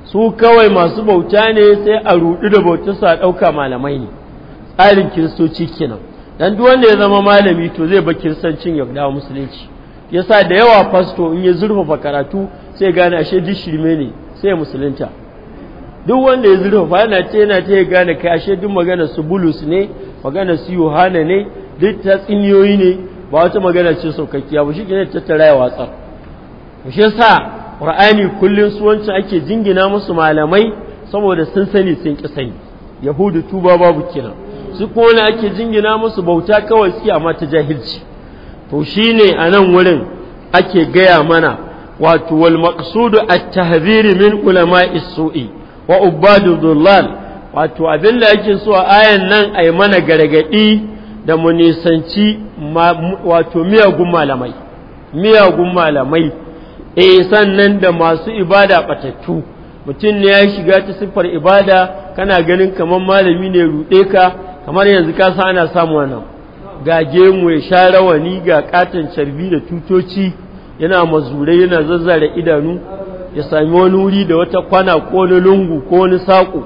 su kawai masu bauta ne sai a rudu da bauta su a ɗauka malamai ne tsarin kiristoci kenan dan duk wanda ya zama malami to zai ba kiristancin ya dawo musulunci yasa da yawa fasto in ya zurfafa karatu sai gane ashe duk shirme ne sai ya musulunta duk wanda ya zurfafa yana ce yana ce ya gane kai ashe duk magana su bulus ne magana su yohana ne duk ta tsiniyoyi ne ba wata magana ce saukakkiya ba shi ne tattara ya watsar shi sa qur'ani kullum suwanci ake jingina musu malamai saboda sun sani sun ƙi sani yahudu tuba babu kina su kuma ake jingina musu bauta kawai suke amma ta jahilci to shi ne a nan wurin ake gaya mana wato wal maqsudu at-tahdhir min ulama'i su'i wa ubadu dhullal wato abin da ake so a ayan nan ai mana gargadi da mu nisanci wato miyagun miyagun malamai eh sannan da masu ibada batattu mutum ne ya shiga ta siffar ibada kana ganin kamar malami ne ruɗe ka kamar yanzu ka sa ana samu wannan ga gemu ya sha rawani ga katon carbi da tutoci yana mazurai yana zazzare idanu ya sami wani wuri da wata kwana ko wani lungu ko wani saƙo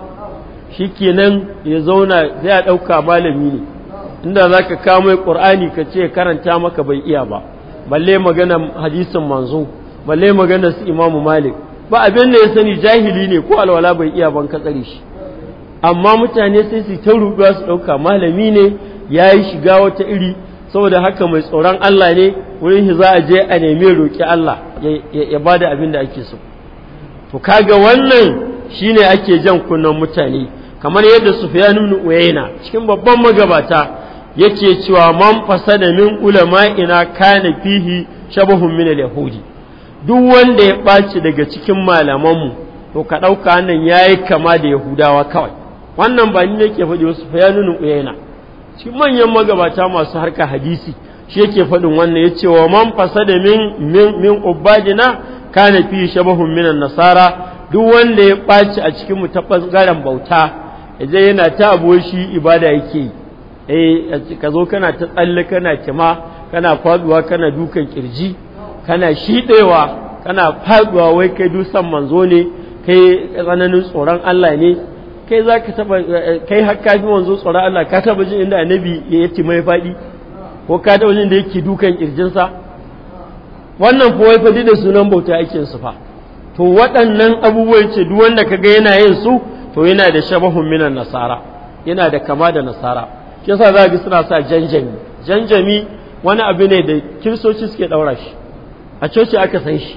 shikenan ya zauna zai a ɗauka malami ne inda za ka kamo ƙur'ani ka ce karanta maka bai iya ba balle magana hadisin manzo balle maganar su imamu malik ba abin da ya sani jahili ne ko alwala bai iya ban katsare shi amma mutane sai su ta rubuwa su ɗauka malami ne ya yi shiga wata iri saboda haka mai tsoron Allah ne wurin shi za a je a nemi roƙi Allah ya ba da abin da ake so to kaga wannan shine ake jan kunnen mutane kamar yadda Sufyan ibn Uyayna cikin babban magabata yake cewa man fasada min ulama ina kana fihi shabahun min al-yahudi duk wanda ya ɓaci daga cikin malamanmu to ka ɗauka nan ya yi kama da yahudawa kawai wannan ba ni ne ke faɗi wasu fayanunin ƙuyayena cikin manyan magabata masu harka hadisi shi yake faɗin wannan ya ce wa man fasa da min min ubbadina kana fi shabahun minan nasara duk wanda ya ɓaci a cikin mu ta ɓangaren bauta idan yana ta aboshi ibada yake eh ka zo kana ta tsalle kana kima kana faduwa kana dukan kirji kana shiɗewa kana faɗuwa wai kai dusan manzo ne kai tsananin tsoron Allah ne kai za ka taba kai har ka manzo tsoron Allah ka taba jin inda anabi ya yace mai faɗi ko ka taba jin da yake dukan ƙirjinsa. wannan ko wai faɗi da sunan bauta ake su fa to waɗannan abubuwan ce duk wanda kaga yana yin su to yana da shabahun minan nasara yana da kama da nasara kisa za ga suna sa janjami janjami wani abu ne da kiristoci suke ɗaura shi a coci aka san shi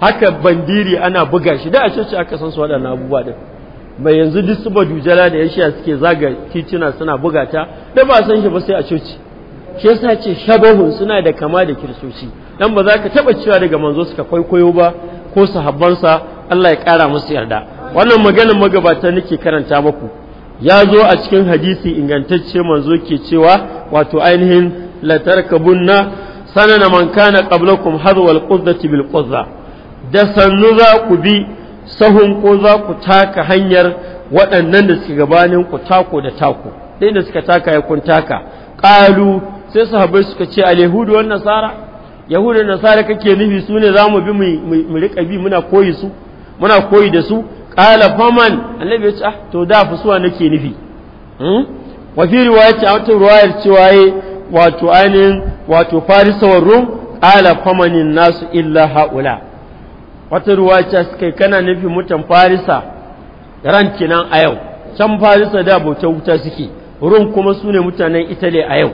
haka bandiri ana buga shi da a coci aka san su waɗannan abubuwa din mai yanzu duk su badujala da yashiya suke zaga titina suna buga ta da ba san shi ba sai a coci shi yasa ce shabahun suna da kama da kiristoci dan ba za ka taba cewa daga manzo suka kwaikwayo ba ko su sahabbansa Allah ya kara musu yarda wannan maganar magabata nake karanta muku ya zo a cikin hadisi ingantacce manzo ke cewa wato ainihin latarkabunna sanana man kana qablakum hadwa alquzzati bil quzza da sannu za ku bi sahun ko za ku taka hanyar waɗannan da suke gabanin ku tako da tako dai da suka taka ya kun taka qalu sai sahabbai suka ce alyahudu wan nasara yahudu da nasara kake nufi su ne zamu bi mu rika bi muna koyi su muna koyi da su qala faman annabi ya ce ah to da fa suwa nake nufi hmm wa fi riwayati a wata riwayar cewa eh, wato ainihin wato farisawar rum ala famanin nasu illa haula wata ruwa ce suka kana nufin mutan farisa ran kinan a yau can farisa da bautar wuta suke rum kuma su ne mutanen italy a yau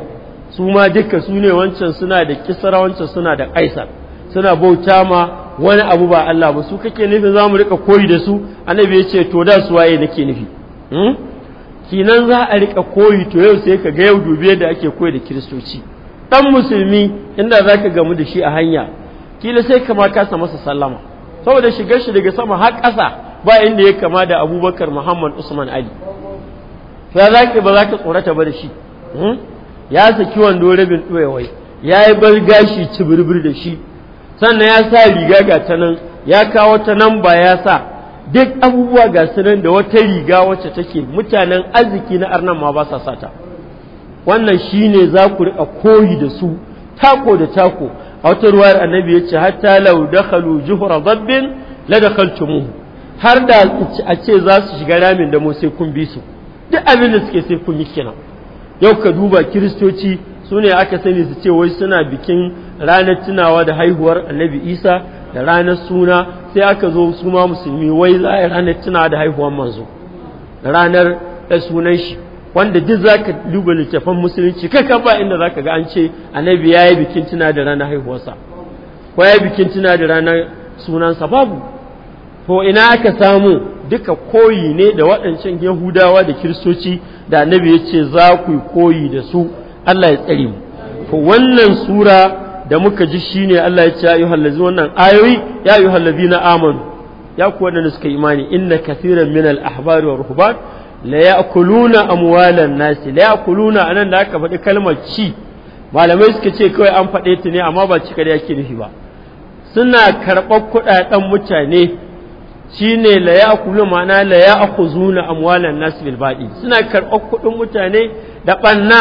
su ma duka su ne wancan suna da kisara wancan suna da kaisar suna bauta ma wani abu ba Allah ba su kake nufin za mu rika koyi da su annabi ya ce to da su waye nake nufi hmm? kinan za a rika koyi to yau sai ka ga yau dubi da ake koyi da kiristoci dan musulmi inda za ka gamu da shi a hanya kila sai kama kasa masa sallama saboda shigar shi daga sama har ƙasa ba inda ya kama da abubakar muhammad usman ali ya za ba za ka tsorata ba da shi hmm? ya saki wando rabin ɗoyawai ya yi bar gashi cibirbir da shi sannan ya sa riga ga ta nan ya kawo ta nan ba ya sa duk abubuwa ga sunan da wata riga wacce take mutanen arziki na arnan ma ba sa sata wannan shine za ku riƙa koyi da su tako da tako a wata ruwayar annabi ya ce hatta lau dakhalu juhra dabbin la dakhaltumuhu har da a ce za su shiga ramin da mu sai kun bi su duk abin da suke sai kun yi kenan yau ka duba kiristoci su ne aka sani su ce wai suna bikin ranar tunawa da haihuwar annabi isa da ranar suna sai aka zo su ma musulmi wai za a ranar tuna da haihuwan manzo da ranar da sunan shi wanda duk za ka duba littafan musulunci kaka ba inda za ka ga an ce annabi ya yi bikin tuna da ranar haihuwarsa ko ya yi bikin tuna da ranar sunansa babu ko ina aka samu duka koyi ne da waɗancan yahudawa da kiristoci da annabi ya ce za ku yi koyi da su allah ya tsare mu wannan sura da muka ji shi ne Allah ya ce ya yi hallazi wannan ayoyi ya yi hallazi na amanu ya kuwa da suka imani inna kathiran min al ahbari wa ruhban la ya'kuluna amwalan nasi la ya'kuluna anan da aka faɗi kalmar ci malamai suka ce kawai an faɗe ta ne amma ba ci kare yake nufi ba suna karɓar kuɗaɗen mutane shine la ya'kuluna ma'ana la ya'khuzuna amwalan nasi bil baɗi suna karɓar kuɗin mutane da ɓanna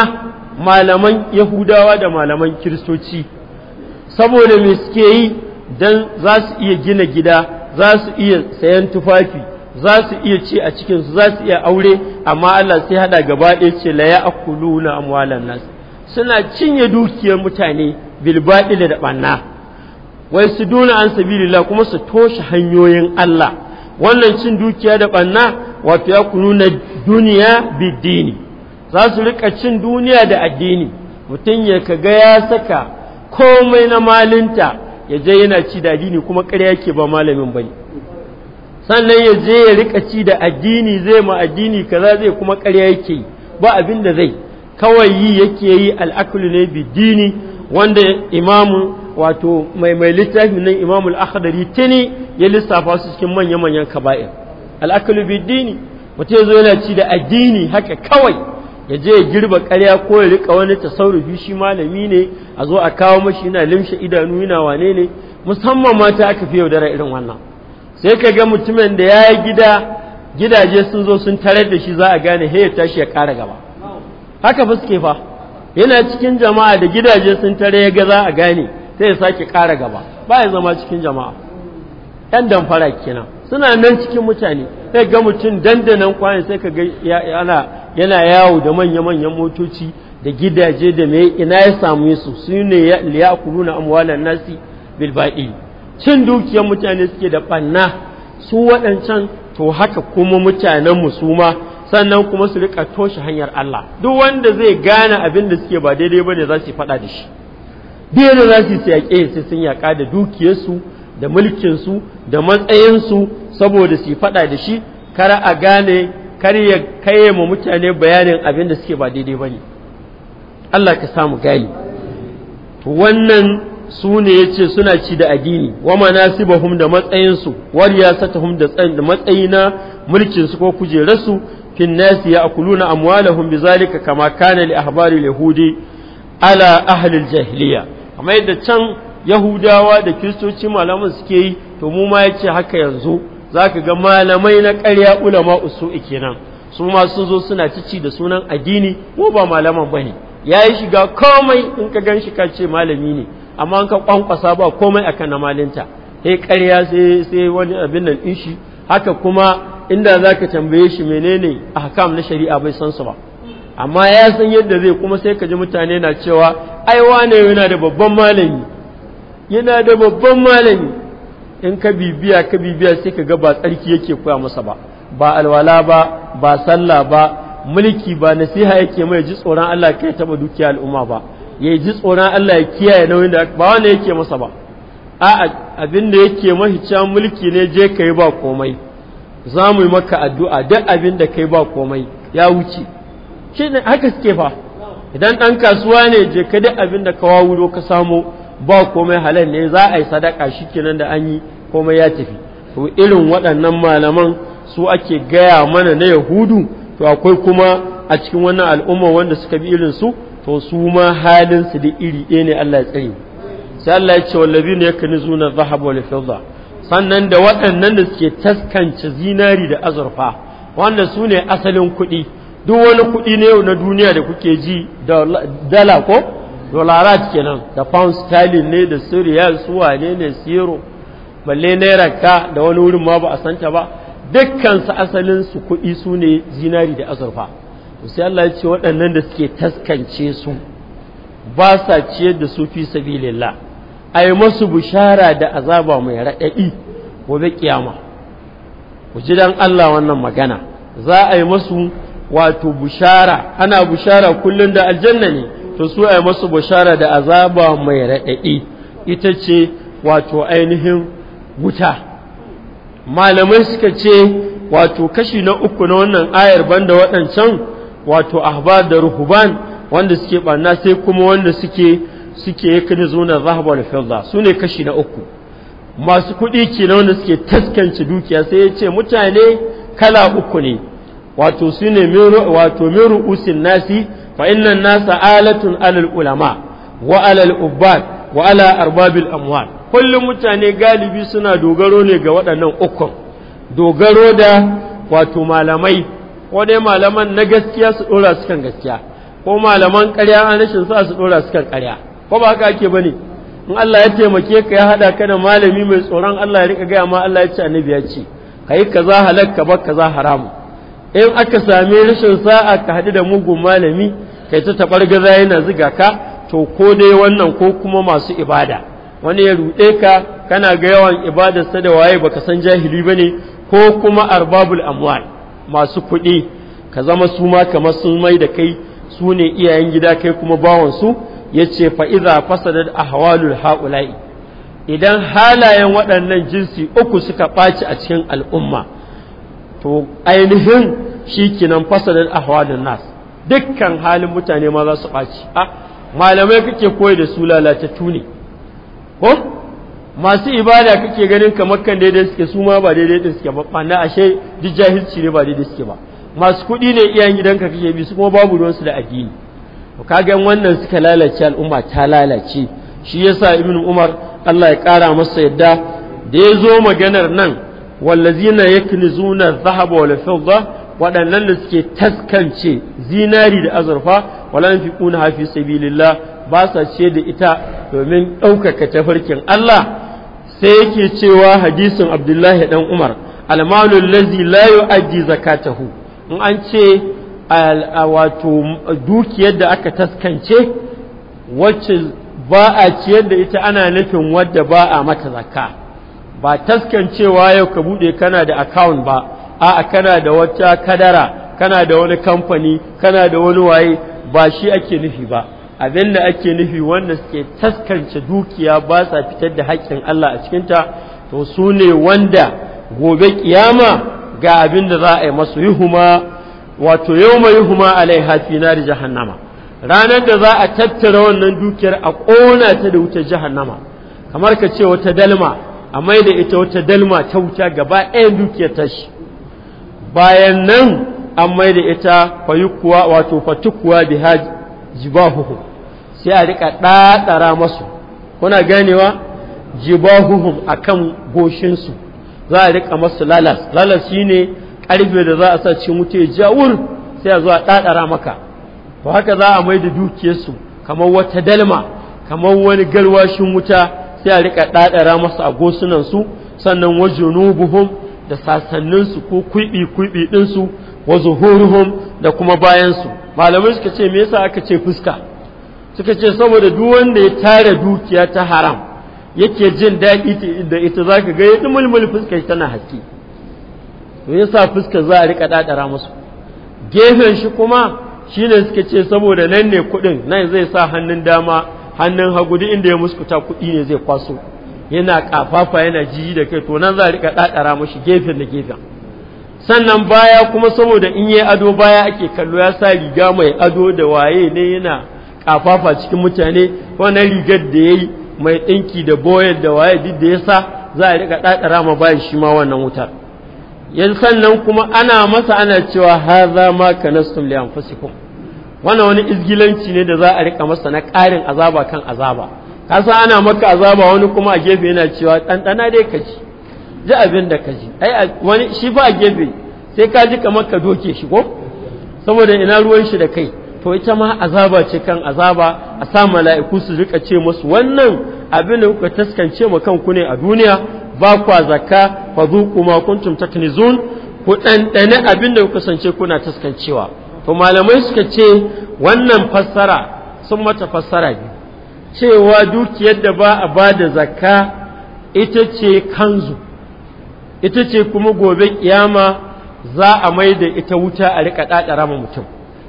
malaman Yahudawa da malaman Kiristoci saboda mai suke yi don za su iya gina gida za su iya sayan tufafi za su iya ci a cikinsu za su iya aure amma Allah sai hada gaba ɗaya ce la na amwalan nas suna cinye dukiyar mutane bilbaɗi da ɓanna wai su duna an sabilillah kuma su toshe hanyoyin Allah wannan cin dukiya da ɓanna wato ya na duniya bidini za su riƙa cin duniya da addini mutum ya kaga ya saka komai na malinta ya je yana ci da addini kuma ƙarya yake ba malamin bane sannan ya je ya rika ci da addini zai ma addini kaza zai kuma ƙarya yake ba abin da zai kawai yi yake yi al'akulu ne bidini wanda imamu wato mai mai littafin nan imamu al'akadari tuni ya lissafa su cikin manya-manyan kaba'in al'akulu bidini mutum ya zo yana ci da addini haka kawai ya je ya girba ƙarya ko ya rika wani ta saurufi shi malami ne a zo a kawo mashi yana limshe idanu yana wane ne musamman mata aka fi yaudara irin wannan sai ka ga mutumin da ya yi gida gidaje sun zo sun tarar da shi za a gane he ya tashi ya ƙara gaba haka fa suke fa yana cikin jama'a da gidaje sun tare ya ga za a gane sai ya sake ƙara gaba ba ya zama cikin jama'a ɗan damfara kenan suna nan cikin mutane sai ga mutum dandanan kwanin sai ka ga ana yana yawo da manya-manyan motoci da gidaje da mai ina ya samu su su ne kuru na amwalan nasi bilbaɗi cin dukiyar mutane suke da ɓanna su waɗancan to haka kuma mutanen musuma sannan kuma su rika toshe hanyar Allah duk wanda zai gane abin da suke ba daidai bane za su faɗa da shi biyar da za su yi yaƙe sai sun yaƙa da dukiyarsu da mulkinsu da matsayinsu saboda su faɗa da shi kar a gane kar ya kai mu mutane bayanin abin da suke ba daidai ba ne. Allah ka samu gani wannan su ne yace suna ci da addini wa manasibahum da matsayin su wa riyasatuhum da tsayin da matsayina mulkin su ko kujerarsu fin nasi akuluna amwalahum zalika kama kana li ahbari yahudi ala ahli al-jahiliya kamar yadda can yahudawa da kiristoci malaman suke yi to mu ma yace haka yanzu za ka ga malamai na ƙarya ulama usu'i kenan su ma sun zo suna cici da sunan addini ko ba malaman ba ne ya yi shiga komai in ka gan shi ka ce malami ne amma an ka kwankwasa ba komai a na malinta sai ƙarya sai wani abin nan ɗin shi haka kuma inda za ka tambaye shi menene ahkam na shari'a bai san su ba amma ya san yadda zai kuma sai ka ji mutane na cewa ai wane yana da babban malami yana da babban malami in ka bibiya ka bibiya sai ka ga ba tsarki yake koya masa ba ba alwala ba ba sallah ba mulki ba nasiha yake mai ji tsoron Allah kai taba dukiya al'umma ba ya ji tsoron Allah ya kiyaye nauyin da ba wanda yake masa ba a'a abin da yake can mulki ne je kai ba komai za mu yi maka addu'a duk abin da kai ba komai ya wuce shi haka suke fa idan ɗan kasuwa ne je ka duk abin da ka wawuro ka samo ba komai halal ne za a yi sadaka shi kenan da an yi komai ya tafi to irin waɗannan malaman su ake gaya mana na yahudu to akwai kuma a cikin wannan al'umma wanda suka bi irin su to su ma halin su da iri ɗaya ne Allah ya tsare sai Allah ya ce wallazina zuna zahab wal fidda sannan da waɗannan da suke taskance zinari da azurfa wanda su ne asalin kuɗi duk wani kuɗi ne na duniya da kuke ji dala ko dolarat kenan da pound sterling ne da su su wane ne siro balle naira ka da wani wurin ma ba a san ta ba dukkan su asalin su kuɗi su ne zinari da azurfa sai Allah ya ce waɗannan da suke taskance su ba sa ciyar da su fi sabilillah ai masu bushara da azaba mai raɗaɗi gobe kiyama ku ji dan Allah wannan magana za a yi masu wato bushara ana bushara kullum da aljanna ne to su a masu bushara da azaba mai raɗaɗi ita ce wato ainihin wuta malamai suka ce wato kashi na uku na wannan ayar banda waɗancan wato ahbar da ruhuban wanda suke ɓanna sai kuma wanda suke suke yakin zuna zahabar fidda su ne kashi na uku masu kuɗi ke na wanda suke taskance dukiya sai ya ce mutane kala uku ne wato su ne wato miru usin nasi fa innan nasa alatun alal ulama wa alal ubbad wa ala arbabil amwal kullum mutane galibi suna dogaro ne ga waɗannan ukun dogaro da wato malamai ko dai malaman na gaskiya su dora su kan gaskiya ko malaman ƙarya an rashin sa su dora su kan ƙarya ko ba haka ake bane in Allah ya taimake ka ya hada ka da malami mai tsoron Allah ya rika gaya ma Allah ya ce annabi ya ce kai kaza halak ka bar kaza haramu in aka sami rashin sa'a ka haɗu da mugun malami kai ta taɓar gaza yana ziga ka to ko dai wannan ko kuma masu ibada wani ya ruɗe ka kana ga yawan ibadarsa da waye baka san jahili bane ko kuma arbabul amwal masu kuɗi ka zama su ma kamar sun mai da kai su ne iyayen gida kai kuma bawan su yace fa iza fasadat ahwalul haula'i idan halayen waɗannan jinsi uku suka ɓaci a cikin al'umma to ainihin shikenan fasalin ahwalin nas dukkan halin mutane ma za su ɓaci a ah, malamai kake koyi da su lalatattu ne ko masu ibada kake ganin kamar kan daidai suke su ma ba daidai din suke ba ma'ana ashe duk jahilci ne ba daidai suke ba masu kuɗi ne iyayen gidanka kake bi su kuma babu ruwansu da addini to kaga wannan suka lalace al'umma ta lalace shi yasa ibnu umar Allah ya kara masa yadda da ya zo maganar nan wallazina yaknizuna dhahaba wal fidda waɗannan da suke taskance zinari da azurfa wala yunfiquna hafi sabilillah ba sa ce da ita domin ɗaukaka tafarkin Allah sai yake cewa hadisin Abdullahi dan Umar almalul lazi la yu'addi zakatahu in an ce wato dukiyar da aka taskance wacce ba a ciyar da ita ana nufin wadda ba a mata zakka ba taskancewa yau ka buɗe kana da account ba a'a kana da wata kadara kana da wani kamfani kana da wani waye ba shi ake nufi ba abin da ake nufi wanda suke taskance dukiya ba sa fitar da haƙƙin Allah a cikinta to su ne wanda gobe kiyama ga abin da za a yi masu yuhuma wato yau mai yuhuma alaiha na da jahannama ranar da za a tattara wannan dukiyar a ƙona ta da wuta jahannama kamar ka ce wata dalma a mai da ita wata dalma ta wuta gaba ɗaya dukiyar tashi bayan nan an mai da ita fayukuwa wato fatukuwa biha jibahuhum sai a rika ɗaɗara masu kuna ganewa jibahuhum kan goshinsu za a rika masu lalas lalas shi ne ƙarfe da za a sa cikin wuta ya jawur sai a zo a ɗaɗara maka ba haka za a mai da dukiyarsu kamar wata dalma kamar wani garwashin wuta sai a rika ɗaɗara masu a gosunan su sannan nubuhun da sasannin ko kuibi kuibi ɗinsu su wa da kuma bayansu malamai suka ce me yasa aka ce fuska suka ce saboda duk wanda ya tara dukiya ta haram yake jin daɗi da ita za zaka ga yadda mulmul shi tana haske to yasa fuska za a rika ɗaɗara masu gefen shi kuma shine suka ce saboda nan ne kuɗin nan zai sa hannun dama hannun hagu duk inda ya muskuta kuɗi ne zai kwaso yana kafafa yana jiji da kai to nan za a rika ɗaɗara mashi gefen da gefen sannan baya kuma saboda in yi ado baya ake kallo ya sa riga mai ado da waye ne yana kafafa cikin mutane wannan rigar da ya yi mai ɗinki da boyar da waye duk da ya sa za a rika ɗaɗara ma bayan shi ma wannan wutar yanzu sannan kuma ana masa ana cewa haza ma kanastum li anfusikum wannan wani izgilanci ne da za a rika masa na ƙarin azaba kan azaba kasa ana maka azaba wani kuma a gefe yana cewa ɗanɗana dai ka ji ji abin da ka ji ai wani shi ba a gefe sai ka ji kamar ka doke shi ko saboda ina ruwan shi da kai to ita ma azaba ce kan azaba a sa mala'iku su rika ce masu wannan abin da kuka taskance ma kanku ne a duniya ba kwa zakka fa zuqu ma kuntum taknizun ku ɗanɗane abin da kuka sance kuna taskancewa to malamai suka ce wannan fassara sun mata fassara ne cewa dukiyar da ba a ba da zakka ita ce kanzu ita ce kuma gobe kiyama za a mai da ita wuta a rika ɗaɗara ma mutum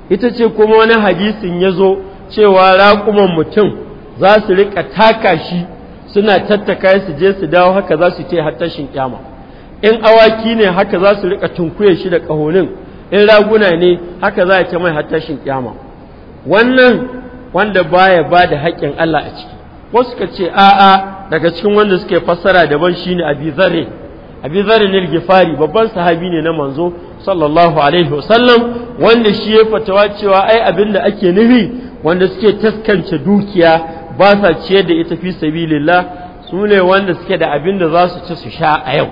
ita ce kuma wani hadisin ya zo cewa raƙuman mutum za su rika taka shi suna tattaka su je su dawo haka za su ce har tashin kyama in awaki ne haka za su rika tunkuye shi da ƙahonin in raguna ne haka za a ce mai hattashin kyama wannan wanda baya ba da haƙƙin Allah a ciki wasu ka ce a'a daga cikin wanda suke fassara daban shine abizare abizare ne gifari babban sahabi ne na manzo sallallahu alaihi wasallam wanda shi ya fatawa cewa ai abinda ake nufi wanda suke taskance dukiya ba sa ciyar da ita fi sabilillah su ne wanda suke da abinda da za su ci su sha a yau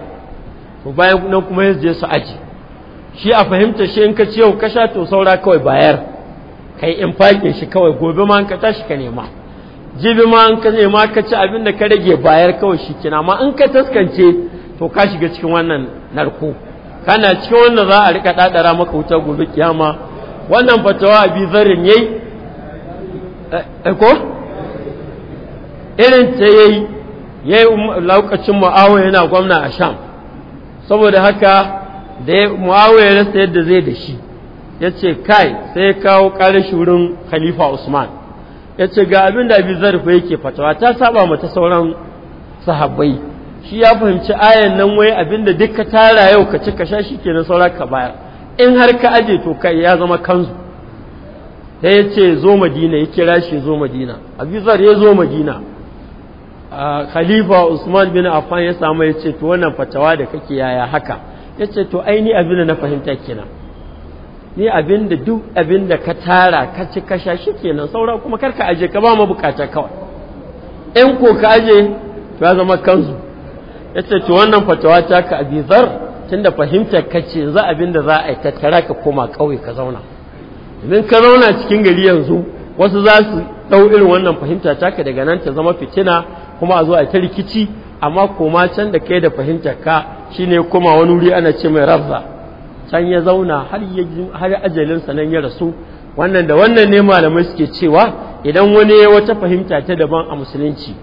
to bayan nan kuma ya je su aji shi a fahimta shi in ka ce yau ka to saura kawai bayar kai in fage shi kawai gobe ma in ka tashi ka nema jibi ma in ka nema ka ci abin da ka rage bayar kawai shi kina amma in ka taskance to ka shiga cikin wannan narko kana cikin wannan za a rika dadara maka wuta gobe kiyama wannan fatawa bi zarin yayi eh, eh, ko irin ta yayi yayi um, lokacin mu'awiya yana gwamna a sham saboda haka da muawiya ya rasa yadda zai da shi ya ce kai sai ya kawo ƙarashi wurin khalifa usman ya ce ga abin da abin zarfa yake fatawa ta saba mata sauran sahabbai shi ya fahimci ayan nan wai abin da duk tara yau ka ci ka sha shi ke na saura ka bayar in har ka aje to kai ya zama kanzu sai ya ce zo madina ya kira shi zo madina abizar ya zo madina ah, khalifa usman bin affan ya samu ya ce to wannan fatawa da kake yaya haka ya ce to ai ni abin da na fahimta kenan ni abin da duk abin da ka tara ka ci ka sha shi kenan saura kuma kar ka aje ka ba mu bukata kawai in ko ka aje to ya zama kansu ya ce to wannan fatawa ta ka abizar tunda fahimta ka ce za abin da za a yi tattara ka koma kauye ka zauna idan ka zauna cikin gari yanzu wasu za su ɗau irin wannan fahimta taka daga nan ta zama fitina kuma a zo a ta rikici amma kuma can da kai da fahimtar ka shine kuma wani wuri ana ce mai rarra can ya zauna har har ajalinsa nan ya rasu wannan da wannan ne malamai suke cewa idan wani ya wata fahimta ta daban a musulunci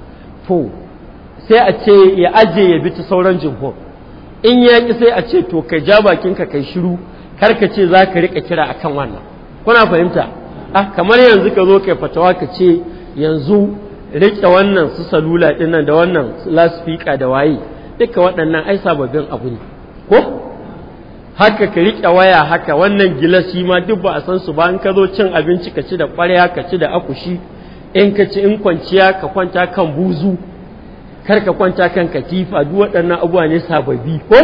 to sai a ce ya aje ya bi ta sauran jimhur in ya ki sai a ce to kai ja bakin ka kai shiru kar ka ce za ka riƙa kira akan wannan kuna fahimta ah kamar yanzu ka zo kai fatawa ka ce yanzu rike wannan su salula dinnan da wannan lasfika da waye duka waɗannan ai sababbin abu ne ko haka ka rike waya haka wannan gilashi ma duk ba a san su ba in ka zo cin abinci ka ci da ƙwarya ka ci da akushi in ka ci in kwanciya ka kwanta kan buzu kar ka kwanta kan katifa duk waɗannan abubuwa ne sababbi ko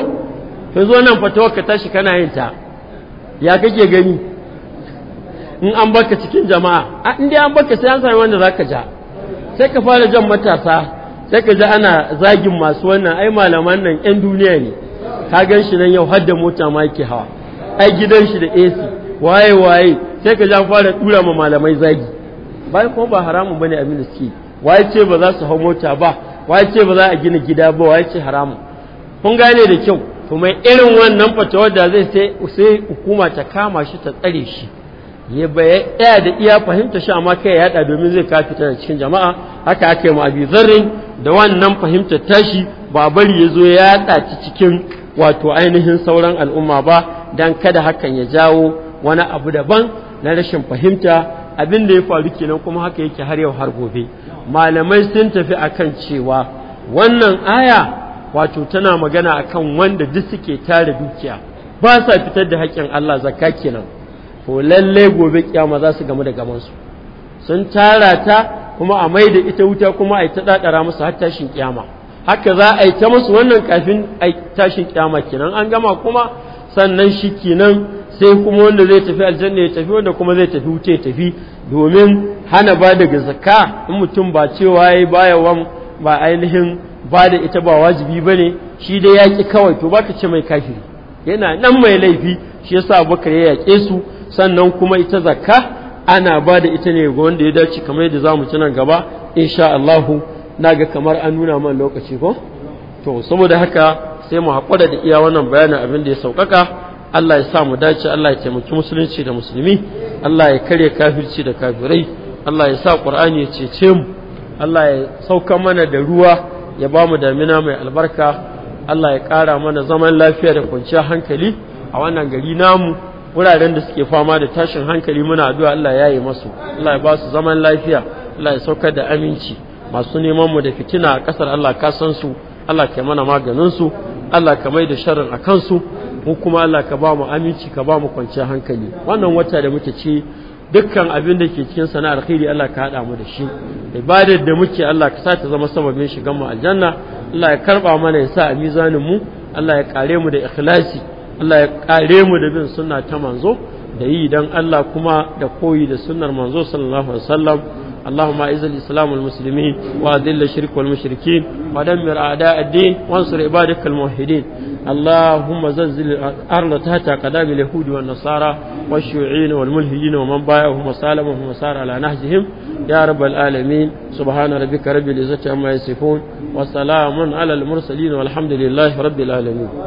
ka zo nan fatawa ka tashi kana yin ta ya kake gani in an baka cikin jama'a in dai an baka sai an sami wanda zaka ja sai ka fara jan matasa sai ka ji ana zagin masu wannan ai malaman nan yan duniya ne ka gan shi nan yau har da mota ma yake hawa ai gidan shi da AC waye waye sai ka ji an fara dura ma malamai zagi bai kuma ba haramun bane abin da suke waye ce ba za su hau mota ba waye ce ba za a gina gida ba waye ce haramun kun gane da kyau to irin wannan fatawar da zai sai hukuma ta kama shi ta tsare shi ya ɗaya da iya fahimta shi amma kai ya yaɗa domin zai ka fita da cikin jama'a haka aka yi abi zarrin da wannan fahimta tashi ba bari ya zo ya ɗaci cikin wato ainihin sauran al'umma ba don kada hakan ya jawo wani abu daban na rashin fahimta abin da ya faru kenan kuma haka yake har yau har gobe malamai sun tafi akan cewa wannan aya wato tana magana akan wanda duk suke tare dukiya ba sa fitar da haƙƙin Allah zakka kenan ko lalle gobe kiyama za su gamu da gamansu. sun tara ta kuma a maida ita wuta kuma a yi ta ɗaɗara musu har tashin kiyama haka za a yi ta musu wannan kafin a tashin kiyama kenan an gama kuma sannan shi kenan sai kuma wanda zai tafi aljanna ya tafi wanda kuma zai tafi wuce tafi domin hana ba da zakka in mutum ba cewa ya baya wa ba ainihin ba da ita ba wajibi ba ne shi dai ya ƙi kawai to ba ka ce mai kafiri yana nan mai laifi shi yasa abubakar ya yaƙe su sannan kuma ita zakka ana ba da ita ne ga wanda ya dace kamar yadda za mu ci nan gaba insha na ga kamar an nuna man lokaci ko to saboda haka sai mu haƙura da iya wannan bayanin abin da ya sauƙaƙa Allah ya sa mu dace Allah ya taimaki musulunci da musulmi Allah ya kare kafirci da kafirai Allah ya sa Qur'ani ya cece mu Allah ya sauka mana da ruwa ya ba mu damina mai albarka Allah ya ƙara mana zaman lafiya da kwanciyar hankali a wannan gari namu wuraren da suke fama da tashin hankali muna addu'a Allah ya yi masu Allah ya ba su zaman lafiya Allah ya saukar da aminci masu neman mu da fitina a kasar Allah ka san su Allah ka mana maganin su Allah ka mai da sharrin a kansu mu kuma Allah ka ba mu aminci ka ba mu kwanciyar hankali wannan wata da muke ci dukkan abin da ke cikin sana'ar alkhairi Allah ka haɗa mu da shi ibadar da muke Allah ka sa ta zama sababin shigan mu aljanna Allah ya karba mana ya sa a mizanin mu Allah ya kare mu da ikhlasi Allah ya kare mu da bin sunna ta manzo da yi dan Allah kuma da koyi da sunnar manzo sallallahu alaihi wasallam اللهم اعز الاسلام والمسلمين واذل الشرك والمشركين ودمر اعداء الدين وانصر عبادك الموحدين اللهم زلزل الارض تحت اقدام اليهود والنصارى والشيوعيين والملحدين ومن بايعهم وسالمهم وسار على نهجهم يا رب العالمين سبحان ربك رب العزه عما يصفون وسلام على المرسلين والحمد لله رب العالمين